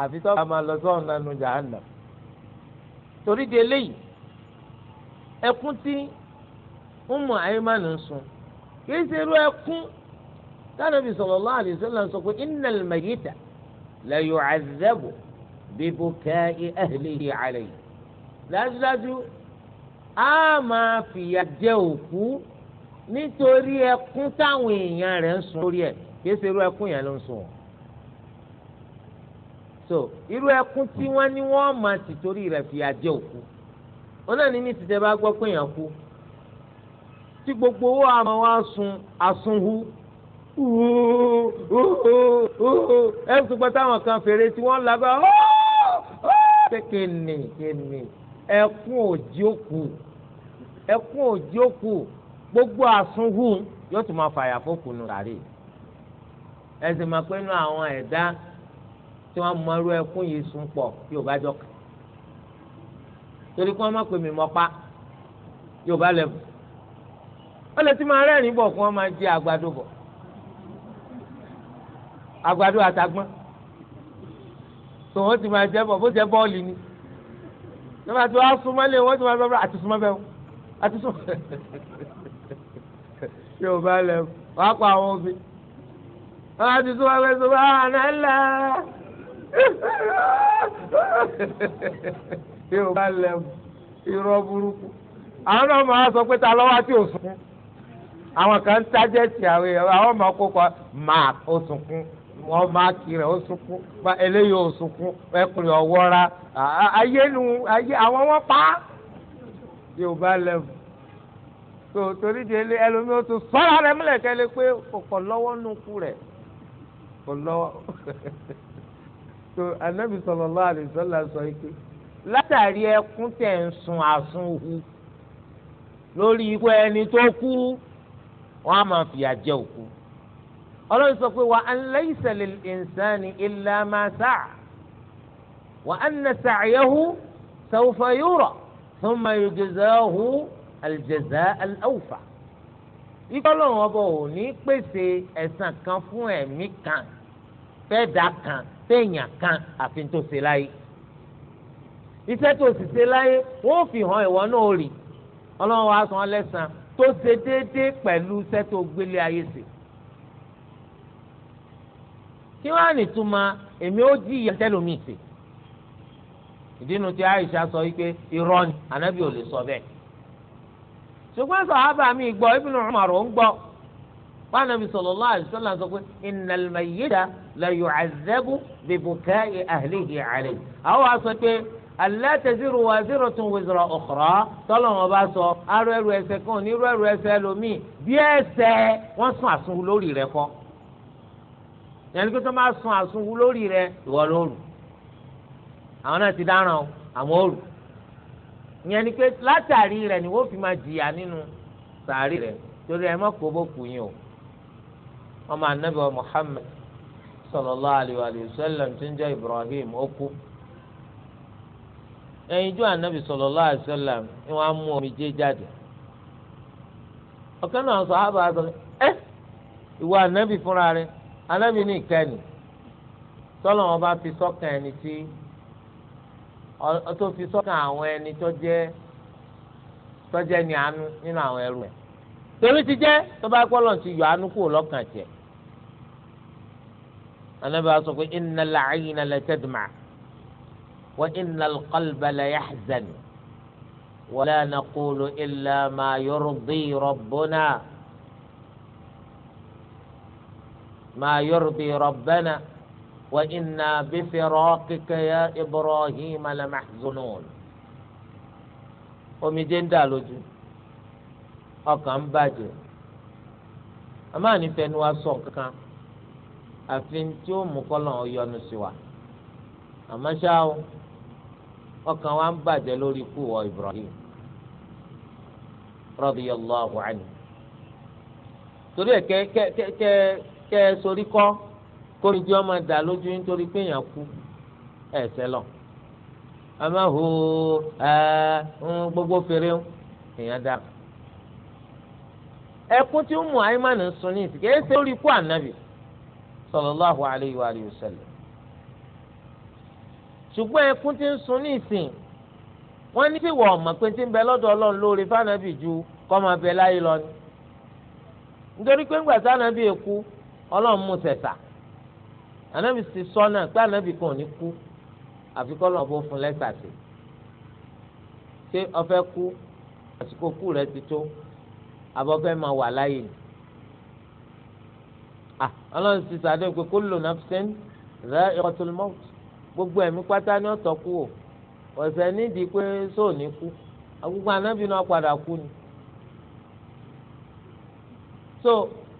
àfi tó máa lọ sọ ọ̀nànú jàǹdà torí de eléyìí ẹkún tí Ummu Ayman ń sun kì í ṣe irú ẹkún tánàbí sallallahu alaihi sọ pé innal mayyita la yu'azzabu bi ahlihi alayhi dájúdájú á máa fìyà jẹ òkú nítorí ẹkún táwọn èèyàn rẹ̀ ń sun lórí ẹ̀ kìí ṣe irú ẹkún yẹn ló ń sun wọn. so irú ẹkún tí wọ́n ní wọ́n máa ti torí rẹ̀ fìyà jẹ òkú wọn náà ní ní ti tẹ́ bá gbọ́ pé èèyàn kú tí gbogbo owó àmọ́ wa sun àsunhu ẹ tún gbọ́ táwọn kan fèrè tí wọ́n lágbá kékeré kékeré ẹkún òjì òkú ẹkún òjì òkú gbogbo àsunhù yóò tún máa fàyà fókùnù rárẹ̀ ẹsẹ̀ máa pé inú àwọn ẹ̀dá tí wọ́n mọ̀rú ẹkún yìí sùn pọ̀ yóò bá jọ kàn torí kí wọ́n má pè mí mọ́ pa yóò bá lẹ́bù wọ́n lè ti máa rẹ́rìn bọ̀ kí wọ́n máa jẹ àgbàdo bọ̀ àgbàdo àtàgbọ́n tòun ti máa jẹ bọ̀ bó jẹ bọ́ọ̀lì ni nígbà tí wọ́n súnmọ́lé wọ́n ti máa sọ fún àti súnmọ́ bẹ́ẹ̀ àti súnmọ́ ṣé o bá lẹ wàá pa àwọn òfin wọ́n á ti súnmọ́ bẹ́ẹ̀ sọ fún àná ńlá ṣé bá lẹ irọ́ burúkú àwọn náà máa sọ pé ta lọ́wọ́ àti òsùn àwọn kan ń tajẹ́ tì àwọn èèyàn àwọn máa kó kọ máa òsùn kún wọ́n máàkì rẹ̀ ó sunkún gba eléyìí ó sunkún ẹkùnrin ọ̀wọ́ra ayé nu ayé àwọn wọn pa yorùbá lẹ́wù tó torí di ẹlẹ́ ẹlòmíì ó tún sọ́ra rẹ̀ múlẹ̀ kẹ́lẹ́ pé kò lọ́wọ́ nù kú rẹ̀ kò lọ́wọ́ tó anabi sallallahu alaihi wasallam sọ ike látàrí ẹkún tẹ̀ ń sun àsunhu lórí ikú ẹni tó kú wọ́n á máa fìyà jẹ òkú ọlọ́run sọ pé wa an laysa lil insani illa ma sa'a wa anna sa'yahu sawfa yura thumma yujzahu al-jazaa al-awfa ìkọlọ́run ọba ò ní pèsè ẹ̀san kan fún ẹ̀mí kan fẹ́ẹ̀dá kan fẹ́ẹ̀yàn kan àfi tó ṣe láyé iṣẹ́ tó sì ṣe láyé wọ́n fi hàn ìwọ náà rì ọlọ́run wa san lẹ́san tó ṣe déédéé pẹ̀lú iṣẹ́ tó gbélé ayé sí i kí wọ́n á nìtumọ̀ èmi ó jí ìyá tẹ́lómi sí ìdínú tí Aisha sọ wípé irọ́ ni ànábì ò lè sọ bẹ́ẹ̀ ṣùgbọ́n sàhábà mi gbọ́ Ibn Umar ń gbọ́ fanabi sallallahu alaihi wasallam sọ pé innal mayyita la yu'azzabu bi buka'i ahlihi alayhi àwọn aṣọ pé alla taziru waziratun wizra ukhra tọ́lọ́wọ́n bá sọ arú ẹrù ẹsẹ̀ kan onírú ẹrù ẹsẹ̀ lomi bí ẹsẹ̀ wọ́n sún àsun lórí rẹ̀ kọ́. yẹn kí tó máa sun àsunwú lórí rẹ ìwọ lóru àwọn náà ti dáràn o àwọn òru yẹn rẹ ni wọ́n fi máa jìyà nínú sàárì rẹ torí ẹ mọ̀kò bókù yín o ọmọ anabi wa Muhammad sallallahu alayhi wa tí ń Ibrahim ó ju anabi sallallahu alayhi ni wọ́n á mú omi jẹ jáde náà anabi fúnra anábì ní ìkẹni tọ́lọ̀ wọn bá fi sọ́kàn ẹni tí tó fi sọ́kàn àwọn ẹni tó jẹ́ tó jẹ́ ní àánú nínú àwọn ẹrú ẹ̀ torí ti jẹ́ tó bá gbọ́ lọ́n ti yọ àánú kúrò lọ́kàn tiẹ̀ anábì wa sọ pé innal ayna la tadma' wa innal qalba la yahzan wa la naqulu illa ma yurdi rabbuna. ما يرضي ربنا وإنا بفراقك يا إبراهيم لمحزونون omijé ń dà lójú ọkàn ń bàjẹ́ amáàní fẹnu wa sọ tí ó mú kọ́ lọ́n wa àmọ́ ṣá o ọkàn kẹ́ ẹ sorí kọ́ kómi jẹ́ ọmọ dà lójú nítorí pé èèyàn kú ẹ̀ sẹ́lọ̀ àmọ́ hó ẹ ń gbogbo fèrè ń èèyàn dà. ẹkún tí Ayman ń sun ní ìsìnkú é ṣe lórí ikú ànábì sallallahu alayhi wa alihi wa sallam. ṣùgbọ́n ẹkún tí ń sun ní ìsìn wọ́n ní tìwọ̀ ọ̀mọ̀ pé tí ń bẹ lọ́dọ̀ lórí fànàbì ju kọ́ máa bẹ láyé lọ ni. nítorí ọlọ́run mú sẹ̀sà ànábì ti sọ náà pé ànábì kan ò ní kú àfi kọ́ lọ́wọ́ bó fún lẹ́sà sí ṣé ọfẹ́ kú àsìkò kú rẹ ti tó abọ́fẹ́ máa wà láàyè ni ọlọ́run ti sàdé pé kullu nafsin dha'iqatul maut gbogbo ẹ̀mí pátá ni ọ̀tọ̀ kú o ọ̀sẹ̀ nídìí pé sóò ní kú gbogbo ànábì náà padà kú ni so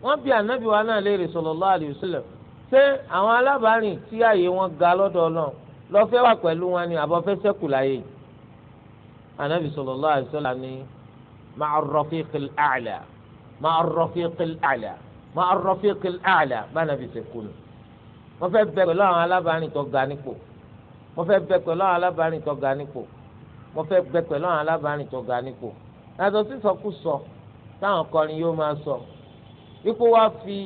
wọ́n bí ànábì wa náà léèrè sallallahu alaihi wasallam ṣé àwọn alábàárìn tí àyè wọn ga lọ́dọ̀ náà lọ fẹ́ wà pẹ̀lú wọn ni àbọ̀ fẹ́ sẹ́kù láyé ànábì sallallahu alaihi wasallam ni ma'a rafiqil a'la ma'a rafiqil a'la ma'a rafiqil a'la bánàbì sẹ́kù ni wọ́n fẹ́ bẹ pẹ̀lú àwọn alábàárìn tó ga nípò wọ́n fẹ́ bẹ pẹ̀lú àwọn alábàárìn tó ga nípò wọ́n fẹ́ bẹ pẹ̀lú àwọn alábàárìn tó ga nípò yàtọ̀ sísọkúsọ táwọn kọrin yóò máa sọ. So wípé wàá fi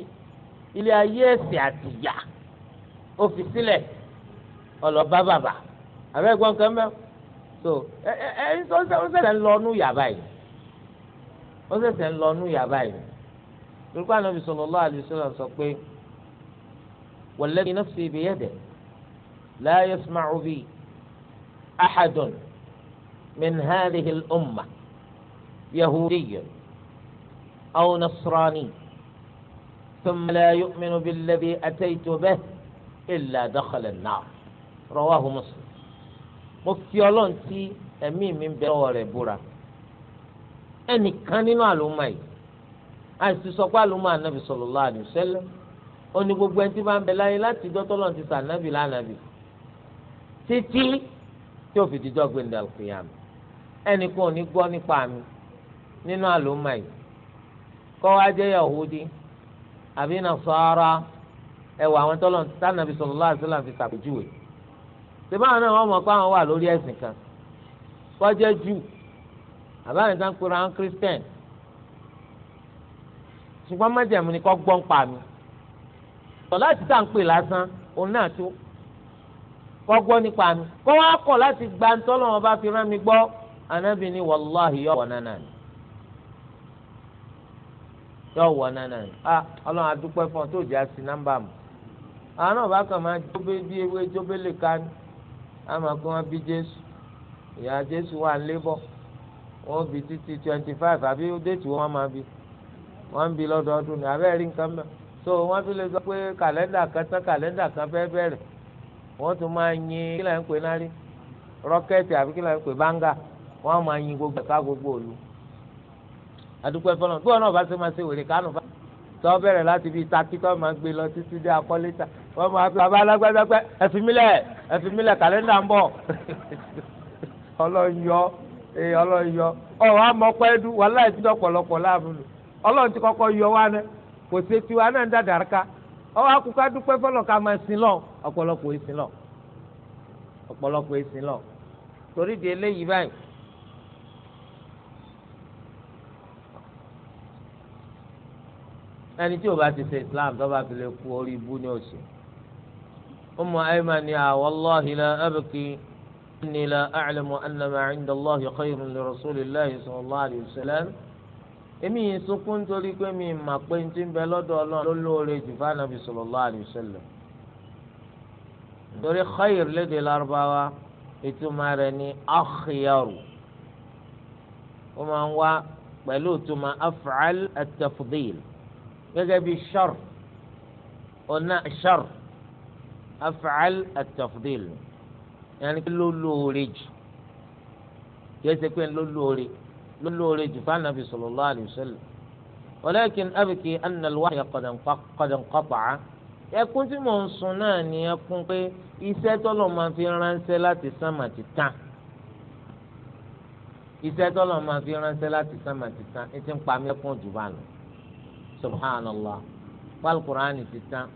ilé ayé ẹ̀ṣẹ̀ àtìyà ó fi sílẹ̀ ọlọ́ba bàbà àbẹ́ gbọ́n kan mẹ́ so ẹ ẹ ẹ ó ṣẹ̀ṣẹ̀ ń lọ nú yàrá yìí ó ṣẹ̀ṣẹ̀ ń lọ nú yàrá yìí turkey anabi sallallahu alaihi wasallam sọ pé walladhi nafsi biyadihi la yasma'u bi ahadun min hadhihi al-umma yahudiyyun aw ثم لا يؤمن بالذي أتيت به إلا دخل النار رواه مسلم مفتي الله تي أمين من بلور بورا أني كان معلومة àìsí sọ pé àlùmọ́ ànábì sallallahu alaihi wasallam ó ní gbogbo ẹni tí bá ń bẹ láyé láti ìjọ tọ́lọ́ ti sànábì lánàbì títí tí ó fi dijọ́ gbẹ̀ndà kìyàmù ẹnì kan ò ní gbọ́ nípa mi nínú àbí nasara ẹ wọ àwọn tọ́lọ̀ tánàbí sallallahu alaihi wasallam fi ṣàpèjúwe sèbáwọn náà wọ́n mọ̀ pé àwọn wà lórí ẹ̀sìn kan kọjá jù àbáyọ̀ tán pera àwọn christian ṣùgbọ́n májèmú ni kò gbọ́n pa mi sọ láti tá ń pè lásán òun náà tó kò gbọ́ nípa mi kọ́ wá kọ̀ láti gba ntọ́lọ́wọ́n bá fi rán mi gbọ́ anábì ni wàláhì ọ̀wọ́ náà ni. yóò wọ a ọlọ́run adúpẹ́ fún ọ tó jẹ́ àti nọ́mbà mu àwọn wọn bí jésù ìyá jésù wà ń wọn bí títí twenty five àbí déètì wọn máa bí wọn ń bí so wọn tún lè sọ pé kàlẹ́ndà kan kan fẹ́ bẹ̀rẹ̀ wọn tún máa yin kí pè náà rí rọ́kẹ́tì àbí kí gbogbo gbogbo òlu adúpẹ́ fọlọ́ bí wọn náà bá ṣe máa ṣe wèrè kánú bá tọ́ bẹ̀rẹ̀ láti fi takí tọ́ máa gbé lọ títí dé akọ́létà wọ́n máa fi bàbá alágbádá pẹ́ ẹ̀fínmílẹ̀ ẹ̀fínmílẹ̀ kàlẹ́ndà ń bọ̀ ọlọ́yọ ee ọlọ́yọ ọ̀hún amọ̀pẹ́ dú wàhálà ìtúndọ̀ pọ̀lọpọ̀ láàmú lò ọlọ́run ti kọ́kọ́ yọ wá ná kò sí tiwa náà ń dàdà ká ọwọ́ akókò adúpẹ́ fọlọ́ ká máa sin lọ ọ̀pọ̀lọpọ̀ èsìn lọ ọ̀pọ̀lọpọ̀ èsìn lọ torí di eléyìí báyìí ẹni tí o bá ti ṣe islam tó bá fi lè kú orí ibú ni o ṣe. Ummu Ayman ni ah, wallahi la abki inni la a'lamu anna ma 'inda Allahi khayrun li rasulillahi sallallahu alayhi wa sallam. èmi yìí sunkún nítorí pé mi mà pé n ti bẹ lọ́dọ̀ ọlọ́run ló lóore jù fún anabi sallallahu alayhi wa sallam. torí khayr lárúbáwá ìtumọ̀ rẹ̀ ni akhyaru ó máa ń wá pẹ̀lú ìtumọ̀ af'al at-tafdil gẹ́gẹ́ bí shar ọ̀nà shar af'al at-tafdil yẹnni kí ló lóore jù kí ẹsẹ̀ pé ló lóore ló lóore jù fún anabi sallallahu alayhi wa sallam walakin abki anna al-wahya qad inqata'a ẹkún tí mò ń sun náà ni ẹkún pé iṣẹ́ tọ́lọ̀ máa fi ránṣẹ́ láti sánmà ti tán iṣẹ́ tọ́lọ̀ máa fi ránṣẹ́ láti sánmà ti tán ẹ ti ń pa mí ẹkún jù bá subhanallah pálukùránì ti tán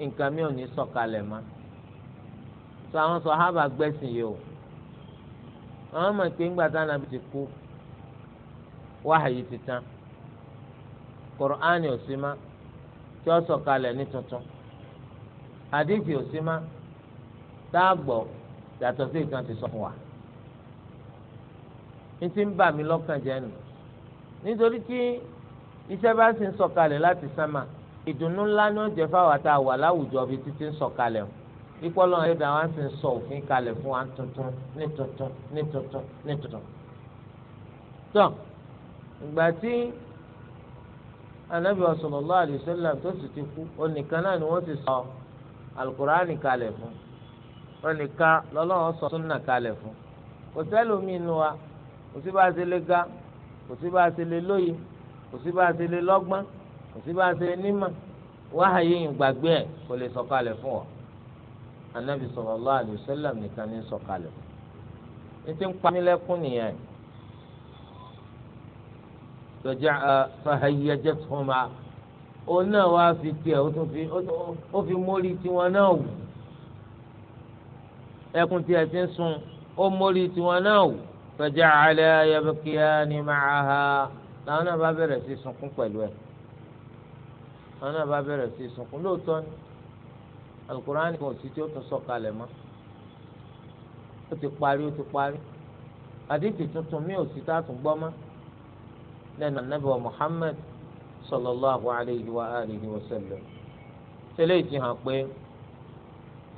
nǹkan mi ò ní sọ̀kalẹ̀ mọ́ sọ àwọn sọ̀hábà gbẹ̀sìn yìí o àwọn mọ̀ pé ńgbà táwọn àbí kú wáhàyí ti tán ò sí mọ́ tí ó sọ̀kalẹ̀ ní tuntun àdìsí ò sí mọ́ dáàgbọ̀ yàtọ̀ sí ti sọ fún wa ní ti ń bà mí iṣẹ́ bá sì ń sọ̀kalẹ̀ láti sánmà ìdùnnú ńlá ni ó jẹ́ fáwọn àti àwà láwùjọ bíi títí ń sọ̀kalẹ̀ ìpọlọ ẹ̀dá wa sì ń sọ òfin kalẹ̀ fún wa tuntun ní tuntun ní tuntun ní tuntun. tó ìgbà tí anabi sallallahu alaihi tó sì ti kú onìkan náà ni wọ́n sì sọ alukurani kalẹ̀ fún onìkan lọ́lọ́wọ́ sọ súnà kalẹ̀ fún kò sẹ́lómi nu wa kò sí bá a ṣe lè ga kò sí bá a ṣe lè lóye kò sí bá a ṣe lè lọ́gbọ́n kò sí bá a ṣe lè nímọ̀ wáhàyè yìí gbàgbé ẹ̀ kò lè sọ̀kalẹ̀ fún ọ. anabi sallallahu alaihi wasallam nìkan ní sọ̀kalẹ̀ ní ti ń pa mí lẹ́kún nìyẹn. tọ́jà fahayyajatuhuma òun náà wá fi tiẹ̀ ó tún fi ó fi mórí tiwọn náà wù ẹkún tiẹ̀ ti ń sun ó mórí tiwọn náà wù faja'ala yabkiyani ma'aha. làwọn náà bá bẹ̀rẹ̀ sí sunkún pẹ̀lú ẹ̀ làwọn náà bá bẹ̀rẹ̀ sí sunkún lóòótọ́ ni alukurani kan sí tí ó tún sọ̀kalẹ̀ mọ́ ó ti parí ó ti parí àdìtì tuntun mi ò sí tá a tún gbọ́ mọ́ lẹ́nu wa muhammed sallallahu alayhi wa alihi wa sallam tẹ́lẹ̀ ìtì hàn pé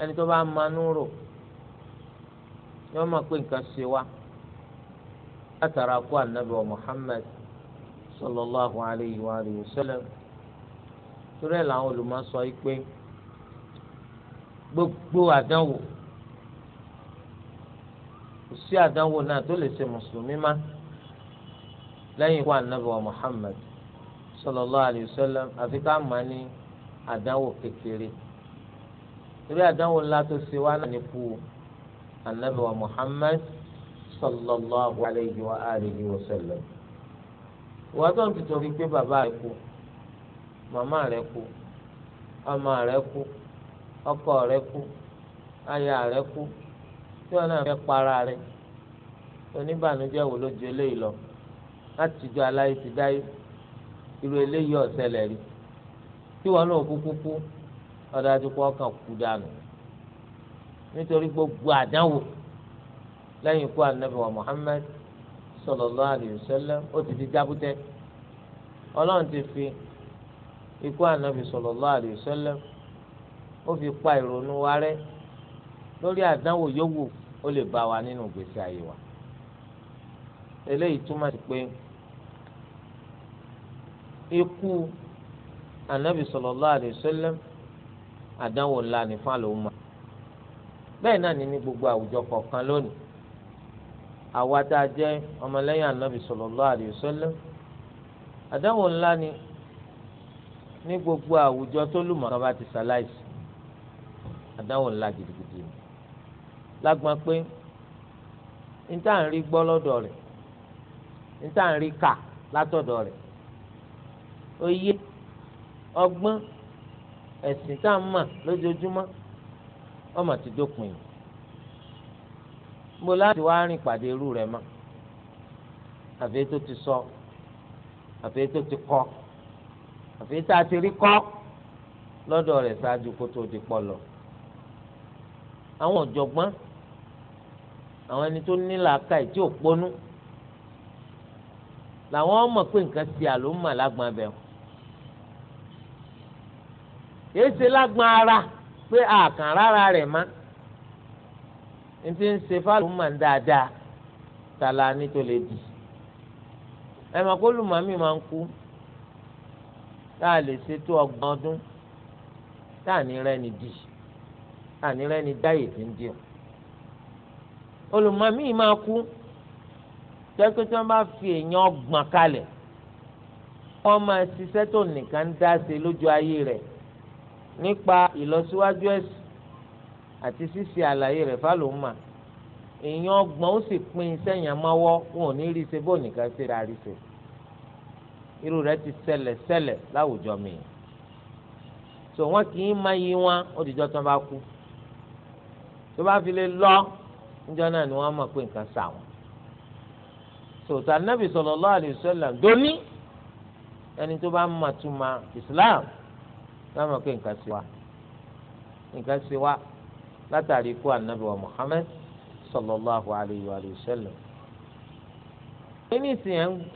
ẹni tó bá manú rò yọ́n máa pé nǹkan ṣe wá látara wa muhammed. صلى الله عليه وآله وسلم. sallam torí ẹ̀ làwọn olùmọ̀ sọ yìí pé gbogbo àdánwò kò sí àdánwò náà tó lè ṣe mùsùlùmí má lẹ́yìn ikú ànábì wa Muhammad sallallahu alayhi wa sallam àfi ká mà ní àdánwò kékeré torí àdánwò ńlá tó ṣe wá náà ní kú ànábì wa alayhi wa alihi wa sallam. ìwà tó ń tìtorí pé bàbá rẹ kú màmá rẹ kú ọmọ rẹ kú ọkọ rẹ kú aya rẹ kú tí wọn náà para rẹ oníbànújẹ́ wo ló ju eléyìí lọ láti ju aláyé ti dáyé irú eléyìí ọ̀sẹ̀lẹ̀ rí tí wọn náà kú kúkú ọ̀dájú kó ọkàn kú dànù nítorí gbogbo àdánwò Muhammad sallallahu alayhi wa sallam ó ti di jábútẹ́ ọlọ́run ti fi ikú ànábì sallallahu alayhi wa sallam ó fi pa ìrònú wa rẹ́ lórí àdánwò yòówù ó lè bá wa nínú ìgbésí ayé wa eléyìí túmọ̀ sí pé ikú ànábì sallallahu alayhi wa sallam àdánwò ńlá ní fún àlòmọ́ bẹ́ẹ̀ náà ní ní gbogbo àwùjọ kọ̀ọ̀kan lónìí àwa tá a jẹ́ ọmọlẹ́yìn anabi sallallahu alayhi wa sallam àdáwò ńlá ni ní gbogbo àwùjọ tó lùmọ̀ọ́ká bá ti ṣaláìsí àdáwò ńlá gidigidi ni lágbọn pé níta ń rí gbọ́ lọ́dọ̀ rẹ̀ níta ń rí kà látọ̀dọ̀ rẹ̀ òye ọgbọ́n ẹ̀sìn tá a mọ̀ lójoojúmọ́ ọmọ ti dópin yìí mo láti wá rìn pàdé irú rẹ̀ mọ́ àfi tó ti sọ àfi tó ti kọ́ àfi tá a ti rí kọ́ lọ́dọ̀ rẹ̀ ṣáájú kó tó di pọ̀ lọ. àwọn ọ̀jọ̀gbọ́n àwọn ẹni tó ní làákàyè tí ò ponú làwọn mọ̀ pé nǹkan ti àlòmọ̀ lágbọ̀n abẹ́ wọn. èé ṣe lágbọ̀n ara pé àkàn rárá rẹ̀ máa ntí ń ṣe fálùmọ̀ ń dáadáa tala ní tó lè dì ẹ mọ̀ kó lùmọ̀ mi máa ń kú tá a lè ṣe tó ọgbọ̀n ọdún tá a ní rẹ́ni dì tá a ní rẹ́ni dáyè tí ń dì ọ́ olùmọ̀ mi máa kú jẹ́pẹ́ tí wọ́n bá fi èèyàn ọgbọ̀n kalẹ̀ wọ́n máa ṣiṣẹ́ tó nìkan dá ṣe lójú ayé rẹ̀ nípa ìlọsíwájú ẹ̀sìn àti ṣíṣe àlàyé rẹ̀ fálòmà èèyàn ọgbọ́n ó sì pín sẹ́yìn amáwọ́ wọn ò ní rí ṣe bó nìkan ṣe ra rí ṣe irú rẹ̀ ti ṣẹlẹ̀ ṣẹlẹ̀ láwùjọ mi so wọn kì í máa yí wọn ó dìjọ́ tán bá kú tó bá fi lè lọ níjọ́ náà ni wọ́n mọ̀ pé nǹkan sà wọ́n sòtà nàbì sallallahu alaihi wasallam dóní ẹni tó bá mọ̀ Islam náà mọ̀ pé nǹkan sí wa nǹkan sí wa. látàrí ikú anabi wa muhammed sallallahu alayhi wa sallam nínú ìsìn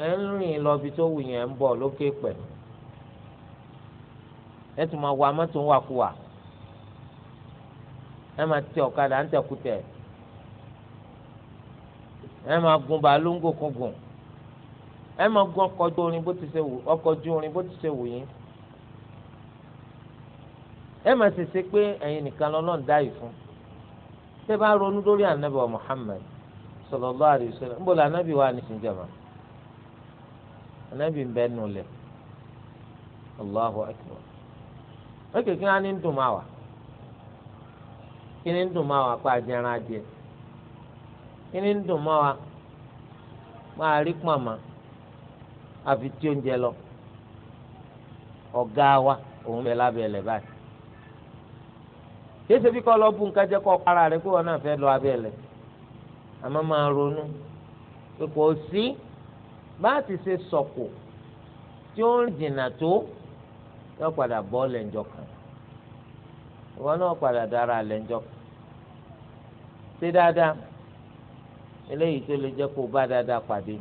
ẹ̀ ń rìn lọ ibi tó wù yẹn ń bọ̀ lókè pẹ̀ ẹ tún máa wa mọ́tò ń wà kú wa ẹ máa tẹ ọ̀kadà ń tẹ̀kú ẹ máa gun ti ṣe ẹ pe ṣe ṣe pé ẹ̀yin nìkan lọ́lọ́run dá yìí fún bá ronú lórí sallallahu alaihi wasallam wa ní sinjama ànábì ń bẹ nù lẹ̀ Allahu akbar ó á ní dùn máa wà kí ni dùn máa wà pa àjẹrán adìẹ kí ni dùn máa wà máa rí pàmò àfi tí oúnjẹ lọ ọ̀gá wa òun bẹ lábẹ́ kéésì bí kò lọ bu nǹkan jẹ kó para rẹ kó wọn náà fẹ́ lọ abẹ́lẹ̀ àmọ́ máa ronú pé kò sí bá ti ṣe sọ̀kò tí ó ń jìnnà tó yóò padà bọ́ lẹ́njọ kan ìwọ náà padà dára lẹ́njọ ṣé dáadáa eléyìí tó lè jẹ́ kó bá dáadáa pàdé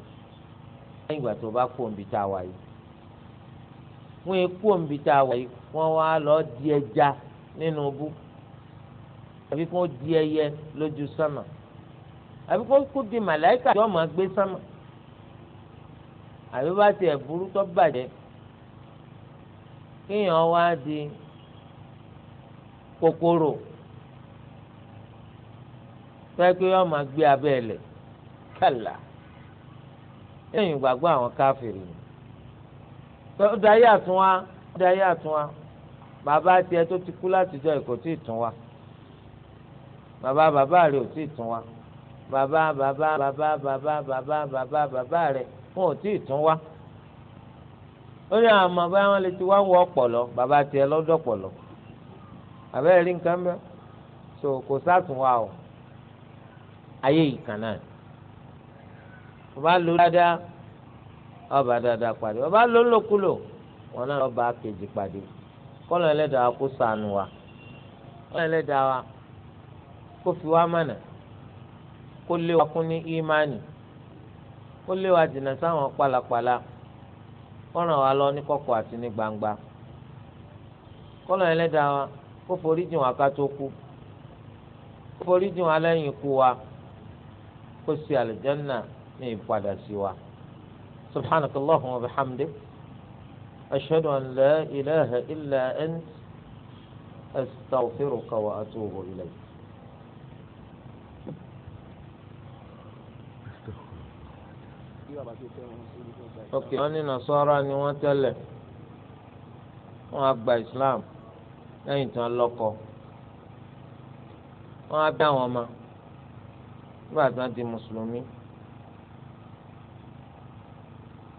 lẹ́yìn ìgbà tó bá kó omi tá a wà yìí omi tá a wọ́n wá lọ́ọ́ di ẹja nínú bú àbí kó di ẹyẹ lójú sánmà àbí kó kú di màláìkà tí wọ́n máa gbé sánmà àbí bá tiẹ̀ burú tó bàjẹ́ kéèyàn wá di kòkòrò fẹ́ pé wọ́n máa gbé abẹ́ ẹ̀ lẹ̀ kàlà lẹ́yìn ìgbàgbọ́ àwọn káfìrì ni ó dayé àtúnwá ó dayé àtúnwá bàbá tiẹ̀ tó ti kú látijọ́ ẹ̀kọ́ tí ì bàbá bàbá rẹ ò tí ì tún wa bàbá bàbá bàbá bàbá bàbá bàbá bàbá rẹ wọn ò tí ì tún wa ó ní àwọn ọmọ bá wọn lè ti wá wọ ọpọlọ bàbá tiẹ̀ lọ́dọ̀ pọlọ àbẹ́rẹ́ rí nǹkan mẹ́ so kò sátún wa o ayé yìí kan náà bàbá lò dáadáa ọba dáadáa pàdé bàbá lò lòkulò wọn náà lọ́ba kejì pàdé kọ́lọ́ ẹlẹ́dàá kó ṣàánú wa kọ́lọ́ ẹlẹ́dàá wa kó fi wá mànà kó lé wa kún ní ìmánì kó lé wa jìnnà sáwọn pálapàla kó ràn wá lọ ní kọ̀kọ̀ àti ní gbangba kọlọ ẹlẹ́dàá wa kó forí jìn wá ká tó kú kó forí jìn wá lẹ́yìn ikú wa kó ṣe àlùjánnà ní ìpadà sí wa subhanakallahu wa bihamdik ashhadu an la ilaha illa ant astaghfiruka wa atubu ilayk. ok wọ́n ní nasara ni wọ́n tẹ́lẹ̀ wọ́n á islam lẹ́yìn tán lọ́kọ wọ́n á bí àwọn ọmọ nígbà tí wọ́n di mùsùlùmí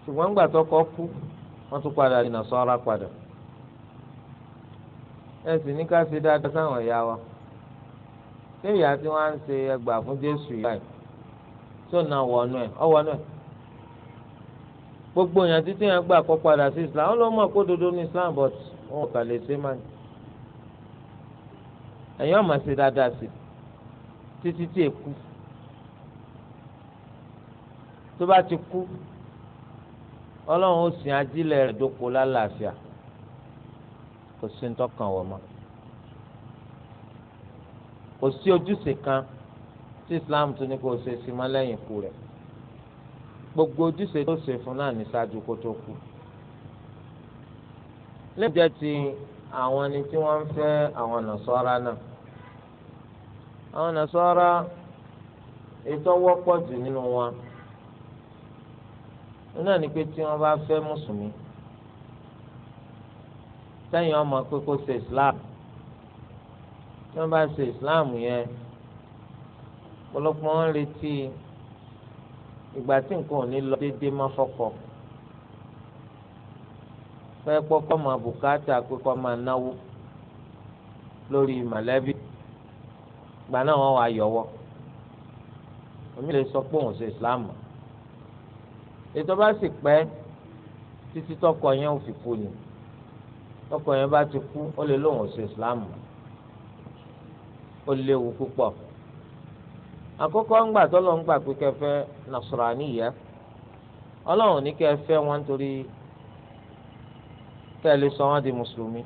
ṣùgbọ́n nígbà tó kọ́ kú wọ́n tún padà di nasara padà ẹ sì ní ká ṣe dáadáa sáwọn ìyá wa ṣé ìyá tí wọ́n á ń ṣe ẹgbàá fún jésù yìí báyìí tó na wọnú ẹ ọwọnú ẹ gbogbo èèyàn títí yẹn gbà kó padà sí islam ó lọ mọ̀ kó dodo ní islam but wọn kà lè ṣe máa ní. ẹ̀yin ọ̀mà ṣe dáadáa sí títí tí èkú tó bá ti kú ọlọ́run ó sìn ajílẹ̀ rẹ̀ dóko lálàáfíà kò sí ní tọkàn wọ̀ mọ́ kò sí ojúṣe kan tí islam tún ní kó ṣe sí mọ́ lẹ́yìn ikú rẹ̀ gbogbo ojúṣe tó ṣe fún náà ní ṣáájú kó tó kú. lẹ́yìn jẹ́ ti àwọn ẹni tí wọ́n ń fẹ́ àwọn nàṣọ́ra náà. àwọn nàṣọ́ra ètò wọ́pọ̀ jù nínú wọn. wọn náà ní pé tí wọ́n bá fẹ́ mùsùlùmí sẹ́yìn ọmọ pé kó ṣe islam tí wọ́n bá ṣe islam yẹn ọ̀pọ̀lọpọ̀ wọn retí ìgbà tí nǹkan ò ní lọ déédéé má fọkọ fẹ́ gbọ́kọ́ máa bùkátà pé kọ́ máa náwó lórí mọ̀lẹ́bí ìgbà náà wọ́n wà yọ̀wọ́ omi lè sọ pé òun ṣe Islam ètò bá sì pẹ́ títí tọkọ yẹn ò fi kú ni tọkọ yẹn bá ti kú ó lè lóun ṣe Islam ó léwu púpọ̀ àkọ́kọ́ ńgbà tọ́lọ́ ń gbà pé kẹfẹ́ nasraniya ọlọ́run ní kẹfẹ́ wọn torí kẹ́lẹ́ sọ wọn di mùsùlùmí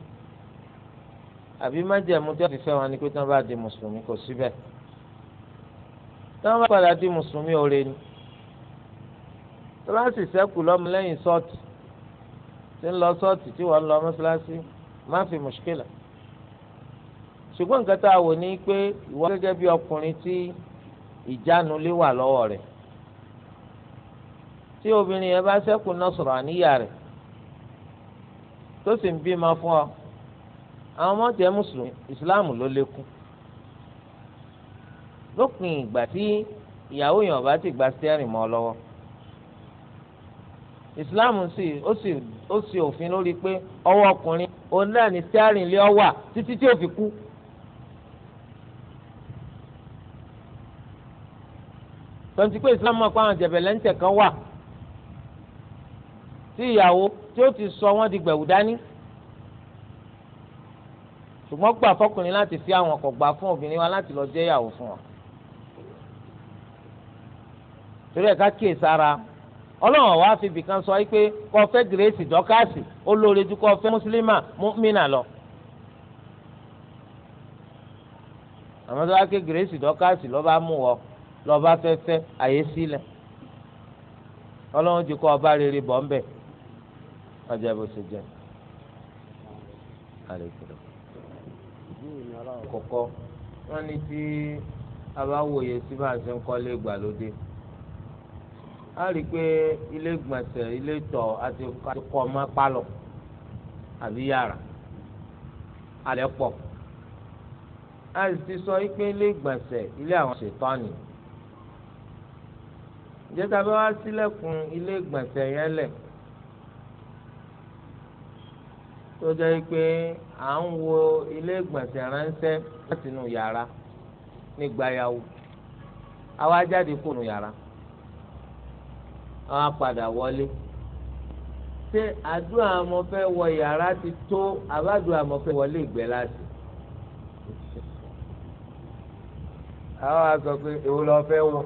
àbí májẹ̀mú tí wọ́n fi fẹ́ wọn ni pé tí wọ́n bá di mùsùlùmí kò síbẹ̀ tí wọ́n bá padà di mùsùlùmí òre ni tọ́lásì sẹ́kù lọ́mọ lẹ́yìn sọ́ọ̀tì tí ń lọ sọ́ọ̀tì tí wọ́n ń lọ mọ́ṣáláṣí má fi mùṣkílà ṣùgbọ́n nǹkan tá a wò ní pé ìwọ gẹ́gẹ́ bí ọkùnrin tí ìjánu lé wà lọ́wọ́ rẹ̀ tí obìnrin yẹn bá ṣẹ́kù nọ́sọ̀rọ̀ àníyà rẹ̀ tó sì ń bímọ fún ọ àwọn ọmọ jẹ́ mùsùlùmí ìsìláàmù ló lékún lópin ìgbà tí ìyàwó yẹn ọba ti gba stẹ́rìn mọ́ ọ lọ́wọ́ ìsìláàmù sì ó sì òfin lórí pé ọwọ́ ọkùnrin òun náà ní stẹ́rìn lé ọ wà títí tí ó fi kú. tọ́ntì pé islam mọ̀ pé àwọn jẹ̀bẹ̀lẹ́ńtẹ̀ kan wà tí ìyàwó tí ó ti sọ wọ́n di gbẹ̀wù dání ṣùgbọ́n gbà fọkùnrin láti fi àwọn kò gbà fún obìnrin wa láti lọ jẹ́ ìyàwó fún wa torí ẹ̀ka kíyè sára ọlọ́run wa fi ibìkan sọ wípé kò fẹ́ gírèsì dọ́kàsì ó lóore ju kò mùsùlùmá mùmínà lọ. àmọ́ wá ké gírèsì dọ́kàsì ló mú wọ lọ́ba fẹ́fẹ́ àyè sílẹ̀ ọlọ́run ti kọ́ ọba rere bọ̀ ń bẹ̀ ọjà bó ṣe jẹ́ àlejò kọ̀kọ́ wọ́n ní tí a bá wòye sí bá a ṣe ń kọ́lé ìgbàlódé a rí i pé ilé ìgbọ̀nsẹ̀ ilé ìtọ̀ àti kọ́ ọmọ pálọ̀ àbí yàrá alẹ́ pọ̀ a sì ti sọ pé ilé ìgbọ̀nsẹ̀ ilé àwọn ṣètọ́ni ìjẹta bá wá sílẹ̀kùn ilé ìgbọ̀nsẹ̀ yẹn lẹ̀ tó jẹ́ pé à ń wo ilé ìgbọ̀nsẹ̀ ránṣẹ́ láti inú yàrá nígbà yàwó àwa jáde kúrò yàrá àwa padà wọlé ṣé àdúrà mo fẹ́ wọ yàrá ti tó àbádùn àmọ́ fẹ́ wọlé ìgbẹ́ láti. àwa sọ pé èwo lọ fẹ́ wọ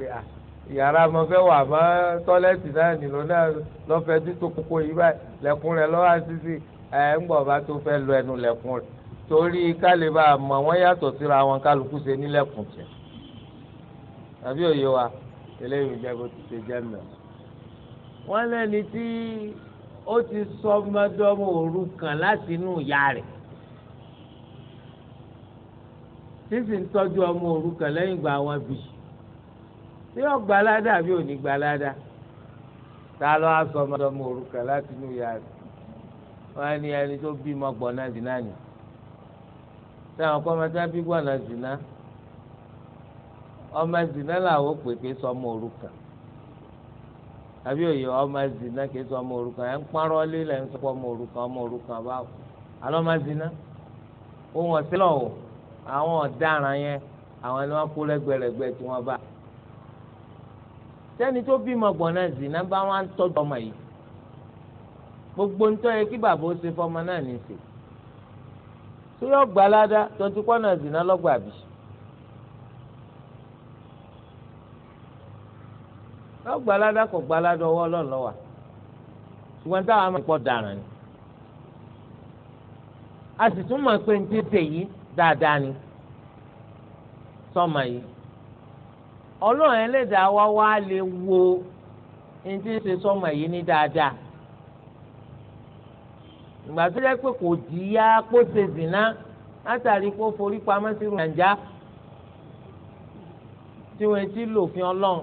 pé à ah, yàrá mo fẹ́ wà mọ́ tọ́lẹ́tì náà nílò náà lọ́fẹ́ títò kókó yìí báyìí lẹ́kùn rẹ̀ lọ́wọ́ àṣìṣe ẹ̀ ń bọ̀ bá tó fẹ́ lọ ẹnu lẹ́kùn rẹ̀ torí kálíbà mọ̀ wọ́n yàtọ̀ síra wọn kálukú ṣe nílẹ̀kùn tiẹ̀ àbí òye wa eléyìí jẹ́ bó ti ṣe jẹ́ mẹ́. wọ́n lẹ́ni tí ó ti sọ ọmọdọ́mọ òrukàn láti inú ìyá rẹ̀ sísìn tọ́jú ọmọ òrukàn lẹ́yìn ìgbà wọn bì í ṣé ọgbàládà àbí òní gbàládà tá a lọ aṣọ ọmọdọmọ òrùka láti inú ìyá rẹ̀ wọn ni ẹni tó bímọ gbọnà dínà ni táwọn ọkọ ọmọdé bí gbọnà dínà ọmọ zina làwọn pèpè sọmọ òrukàn àbí òye ọmọ zina kìí sọmọ òrukàn ẹ ń parọ́ lílẹ̀ ń sọpọ̀ ọmọ òrukàn ọmọ òrukàn báwo àlọ́ ọmọ zina ohun ọ̀sẹ̀ lọ́wọ́ àwọn ọ̀daràn yẹn àwọn ni wọ́n kó lẹ́gbẹ̀rẹ̀gbẹ̀ tí wọ́n bá sẹ́ni tó bímọ gbọ̀nà zìnà bá wọn tọ́jú ọmọ yìí gbogbo ń tọ́ yẹ kí bàbá ó ṣe fọmọ náà ní ṣe tó yọ gbalada tó ti kọ́nà zìnà lọ́gbà bì yọ gbalada kò gbalada ọwọ́ ọlọ́ọ̀lọ́wà ṣùgbọ́n táwọn máa pọ̀ dàrán ni a sì tún mọ̀ pé ní tètè dáadáa ni sọ́mọ yìí. ọlọ́run ẹlẹ́dàá wa wá lè wo ní tí ń ṣe sọmọ ní dáadáa ìgbà tó jẹ́ pé kò jìyà kó ṣe zìnà látàrí kó forí pamọ́ sí rànjá tí wọ́n ti lòfin ọlọ́run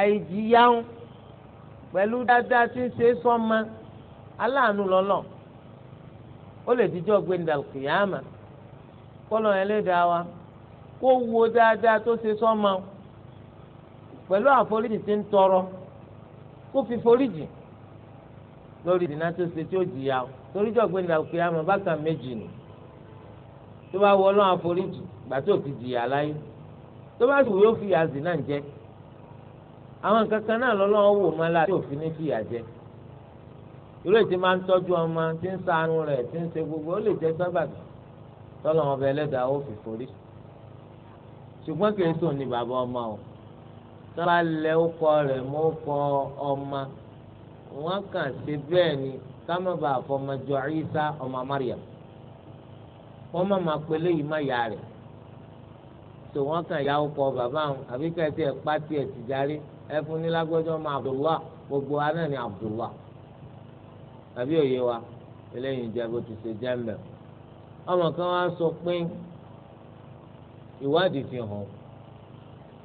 àìjìyàwó pẹ̀lú dáadáa tí ń ṣe aláàánú lọ́lọ́ wa. kó wo dáadáa tó ṣe sọ́mọ pẹ̀lú àforíjì tí ń tọrọ kó fi foríjì lórí ìdènà tó ṣe tí ó jìyà toríjọ́ gbé nígbà pé àmọ́ bákan méjì nù tó bá wọ ọlọ́run àforíjì gbà tó ti jìyà láyé tó bá sì wù yóò fi àzì náà jẹ àwọn nǹkan kan náà lọ́lọ́run wò má láti òfin ní fìyà jẹ irú ètí máa ń tọ́jú ọmọ tí ń ṣàánú rẹ̀ tí ń ṣe gbogbo ó lè jẹ́ sábàbí tọ́lọ́run ọba ẹlẹ́dàá ó fi foríjì ṣùgbọ́n kì í sùn ní bàbá ọmọ o sábà lẹ ọkọ rẹ̀ mọ́ ọkọ ọmọ wọn kàn ṣe bẹ́ẹ̀ ni kámẹ́bà àfọmọjọ Ìsá ọmọ Mariam wọ́n má máa pe léyìí má yá rẹ̀ tó wọ́n kàn yá ọkọ bàbá àwọn àbí kẹ́tì ẹ̀ pátì ẹ̀ tìjárí ẹ fún ní lágbọ́jọ́ ọmọ Abdullah gbogbo aná ni Abdullah àbí òye wa eléyìí jẹ́ bó ti ṣe jẹ́ mbẹ́ ọmọ kan wá sọ pé ìwádìí fi hàn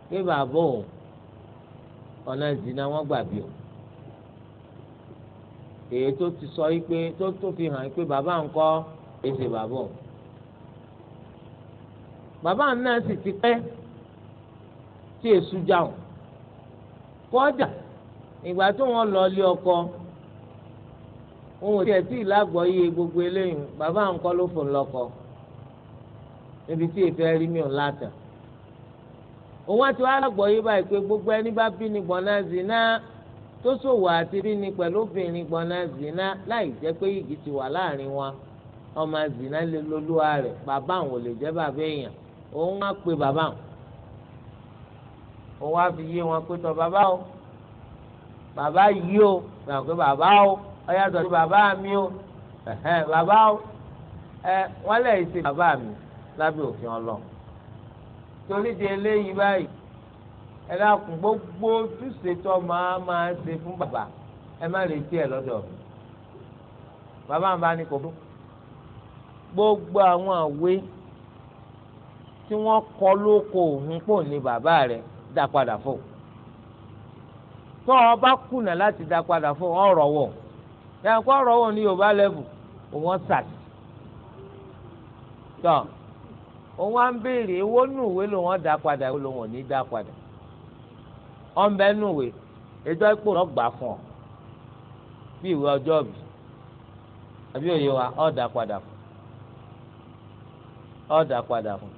pé bàbá òun ọ̀nà zina wọ́n gbà bí o èyí tó ti sọ yìí pé tó tó fi hàn pé bàbá ń kọ́ èsè bàbá òun bàbá náà sì ti pẹ́ tí èsù já òun kọjá ìgbà tó wọ́n lọ lé ọkọ òun ò tiẹ̀ tí ì lágbọ́ yé gbogbo eléyìí bàbá ń kọ́ ló fò ń lọ́kọ̀ọ́ níbi tí ìfẹ́ rí mi ò látà òun àti wàhálà gbọ́ yí báyìí pé gbogbo ẹni bá bí ni gbọ́nà zina tó ṣòwò àti bí ni pẹ̀lú obìnrin gbọ́nà zina láì jẹ́ pé yìgì ti wà láàrin wọn ọmọ zina lè lolúwa rẹ̀ bàbá àwọn ò lè jẹ́ bàbá èèyàn òun á pe bàbá àwọn òun á fi yé wọn pé tọ bàbá o bàbá yìí o gbàgbọ́ pé bàbá o ọyàtọ̀ sí bàbá mi o bàbá o ẹ wọ́n lè ṣe bàbá mi lábẹ́ òfin ọlọ́run torí di eléyìí báyìí ẹ dákun gbogbo ojúṣe tó máa máa ṣe fún bàbá ẹ má retí ẹ lọ́dọ̀ mi bàbá mi bá ní kò fún gbogbo àwọn àwé tí wọ́n kọ lóko òun pò ní bàbá rẹ̀ dá padà fò tó o bá kùnà láti dá padà fò ọ̀rọ̀ wọ̀ yàtọ̀ ọ̀rọ̀ wọ̀ ní yorùbá lẹ́bù òun ọ̀sàtì tọ́. So, òun wá ń béèrè ewó nù ìwé ló wọn dá padà ìwé ló wọn ò ní dá padà ọ̀nbẹ nù ìwé ètò ìpò náà gbà fún ọ bí ìwé ọjọ́ bí àbí òye wa ọ̀ dá padà fún ọ̀ dá padà fún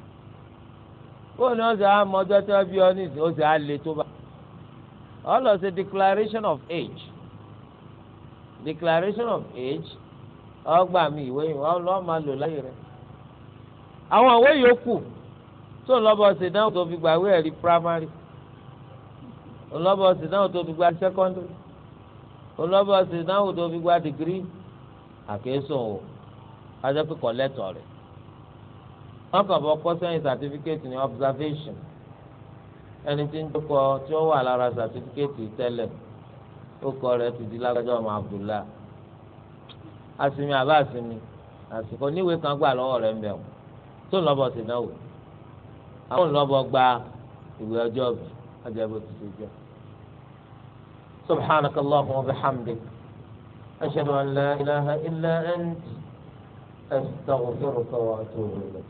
bóun ni wọ́n sọ àwọn ọmọdé tí wọ́n bí ọ ní ìsìn ó sì á le tó bá ọ lọ sí declaration of age declaration of age ọgbà mi ìwé yìí wọ́n lọ́ọ́ máa lò láyé rẹ̀ àwọn òwe yòókù tó ń lọ́bọ̀ ṣe dáhùn tó fi gba ìwé ẹ̀rí primary ń lọ́bọ̀ ṣe dáhùn tó fi gba secondary ń lọ́bọ̀ ṣe dáhùn tó fi gba degree àkẹ́sùn o ajọ́ pé kọ́lẹ́tọ̀ rẹ̀ wọ́n kàn bọ́ kọ́ sẹ́yìn certificate ní observation ẹni tí ń dúkọ tí ó wà lára certificate tẹ́lẹ̀ ó kọ rẹ̀ ti di lágbájọ́ ọmọ Abdullah asimi àbá asimi àsìkò níwèé kan gbà lọ́wọ́ rẹ̀ ń bẹ̀rù tó ń lọ́bọ̀ sí náà wò àwọn olùlọ́bọ̀ gba ìwé ọjọ́ mi ọjọ́ ìbò tó ti jẹ́. سبحانك اللهم وبحمدك أشهد أن لا إله إلا أنت أستغفرك وأتوب إليك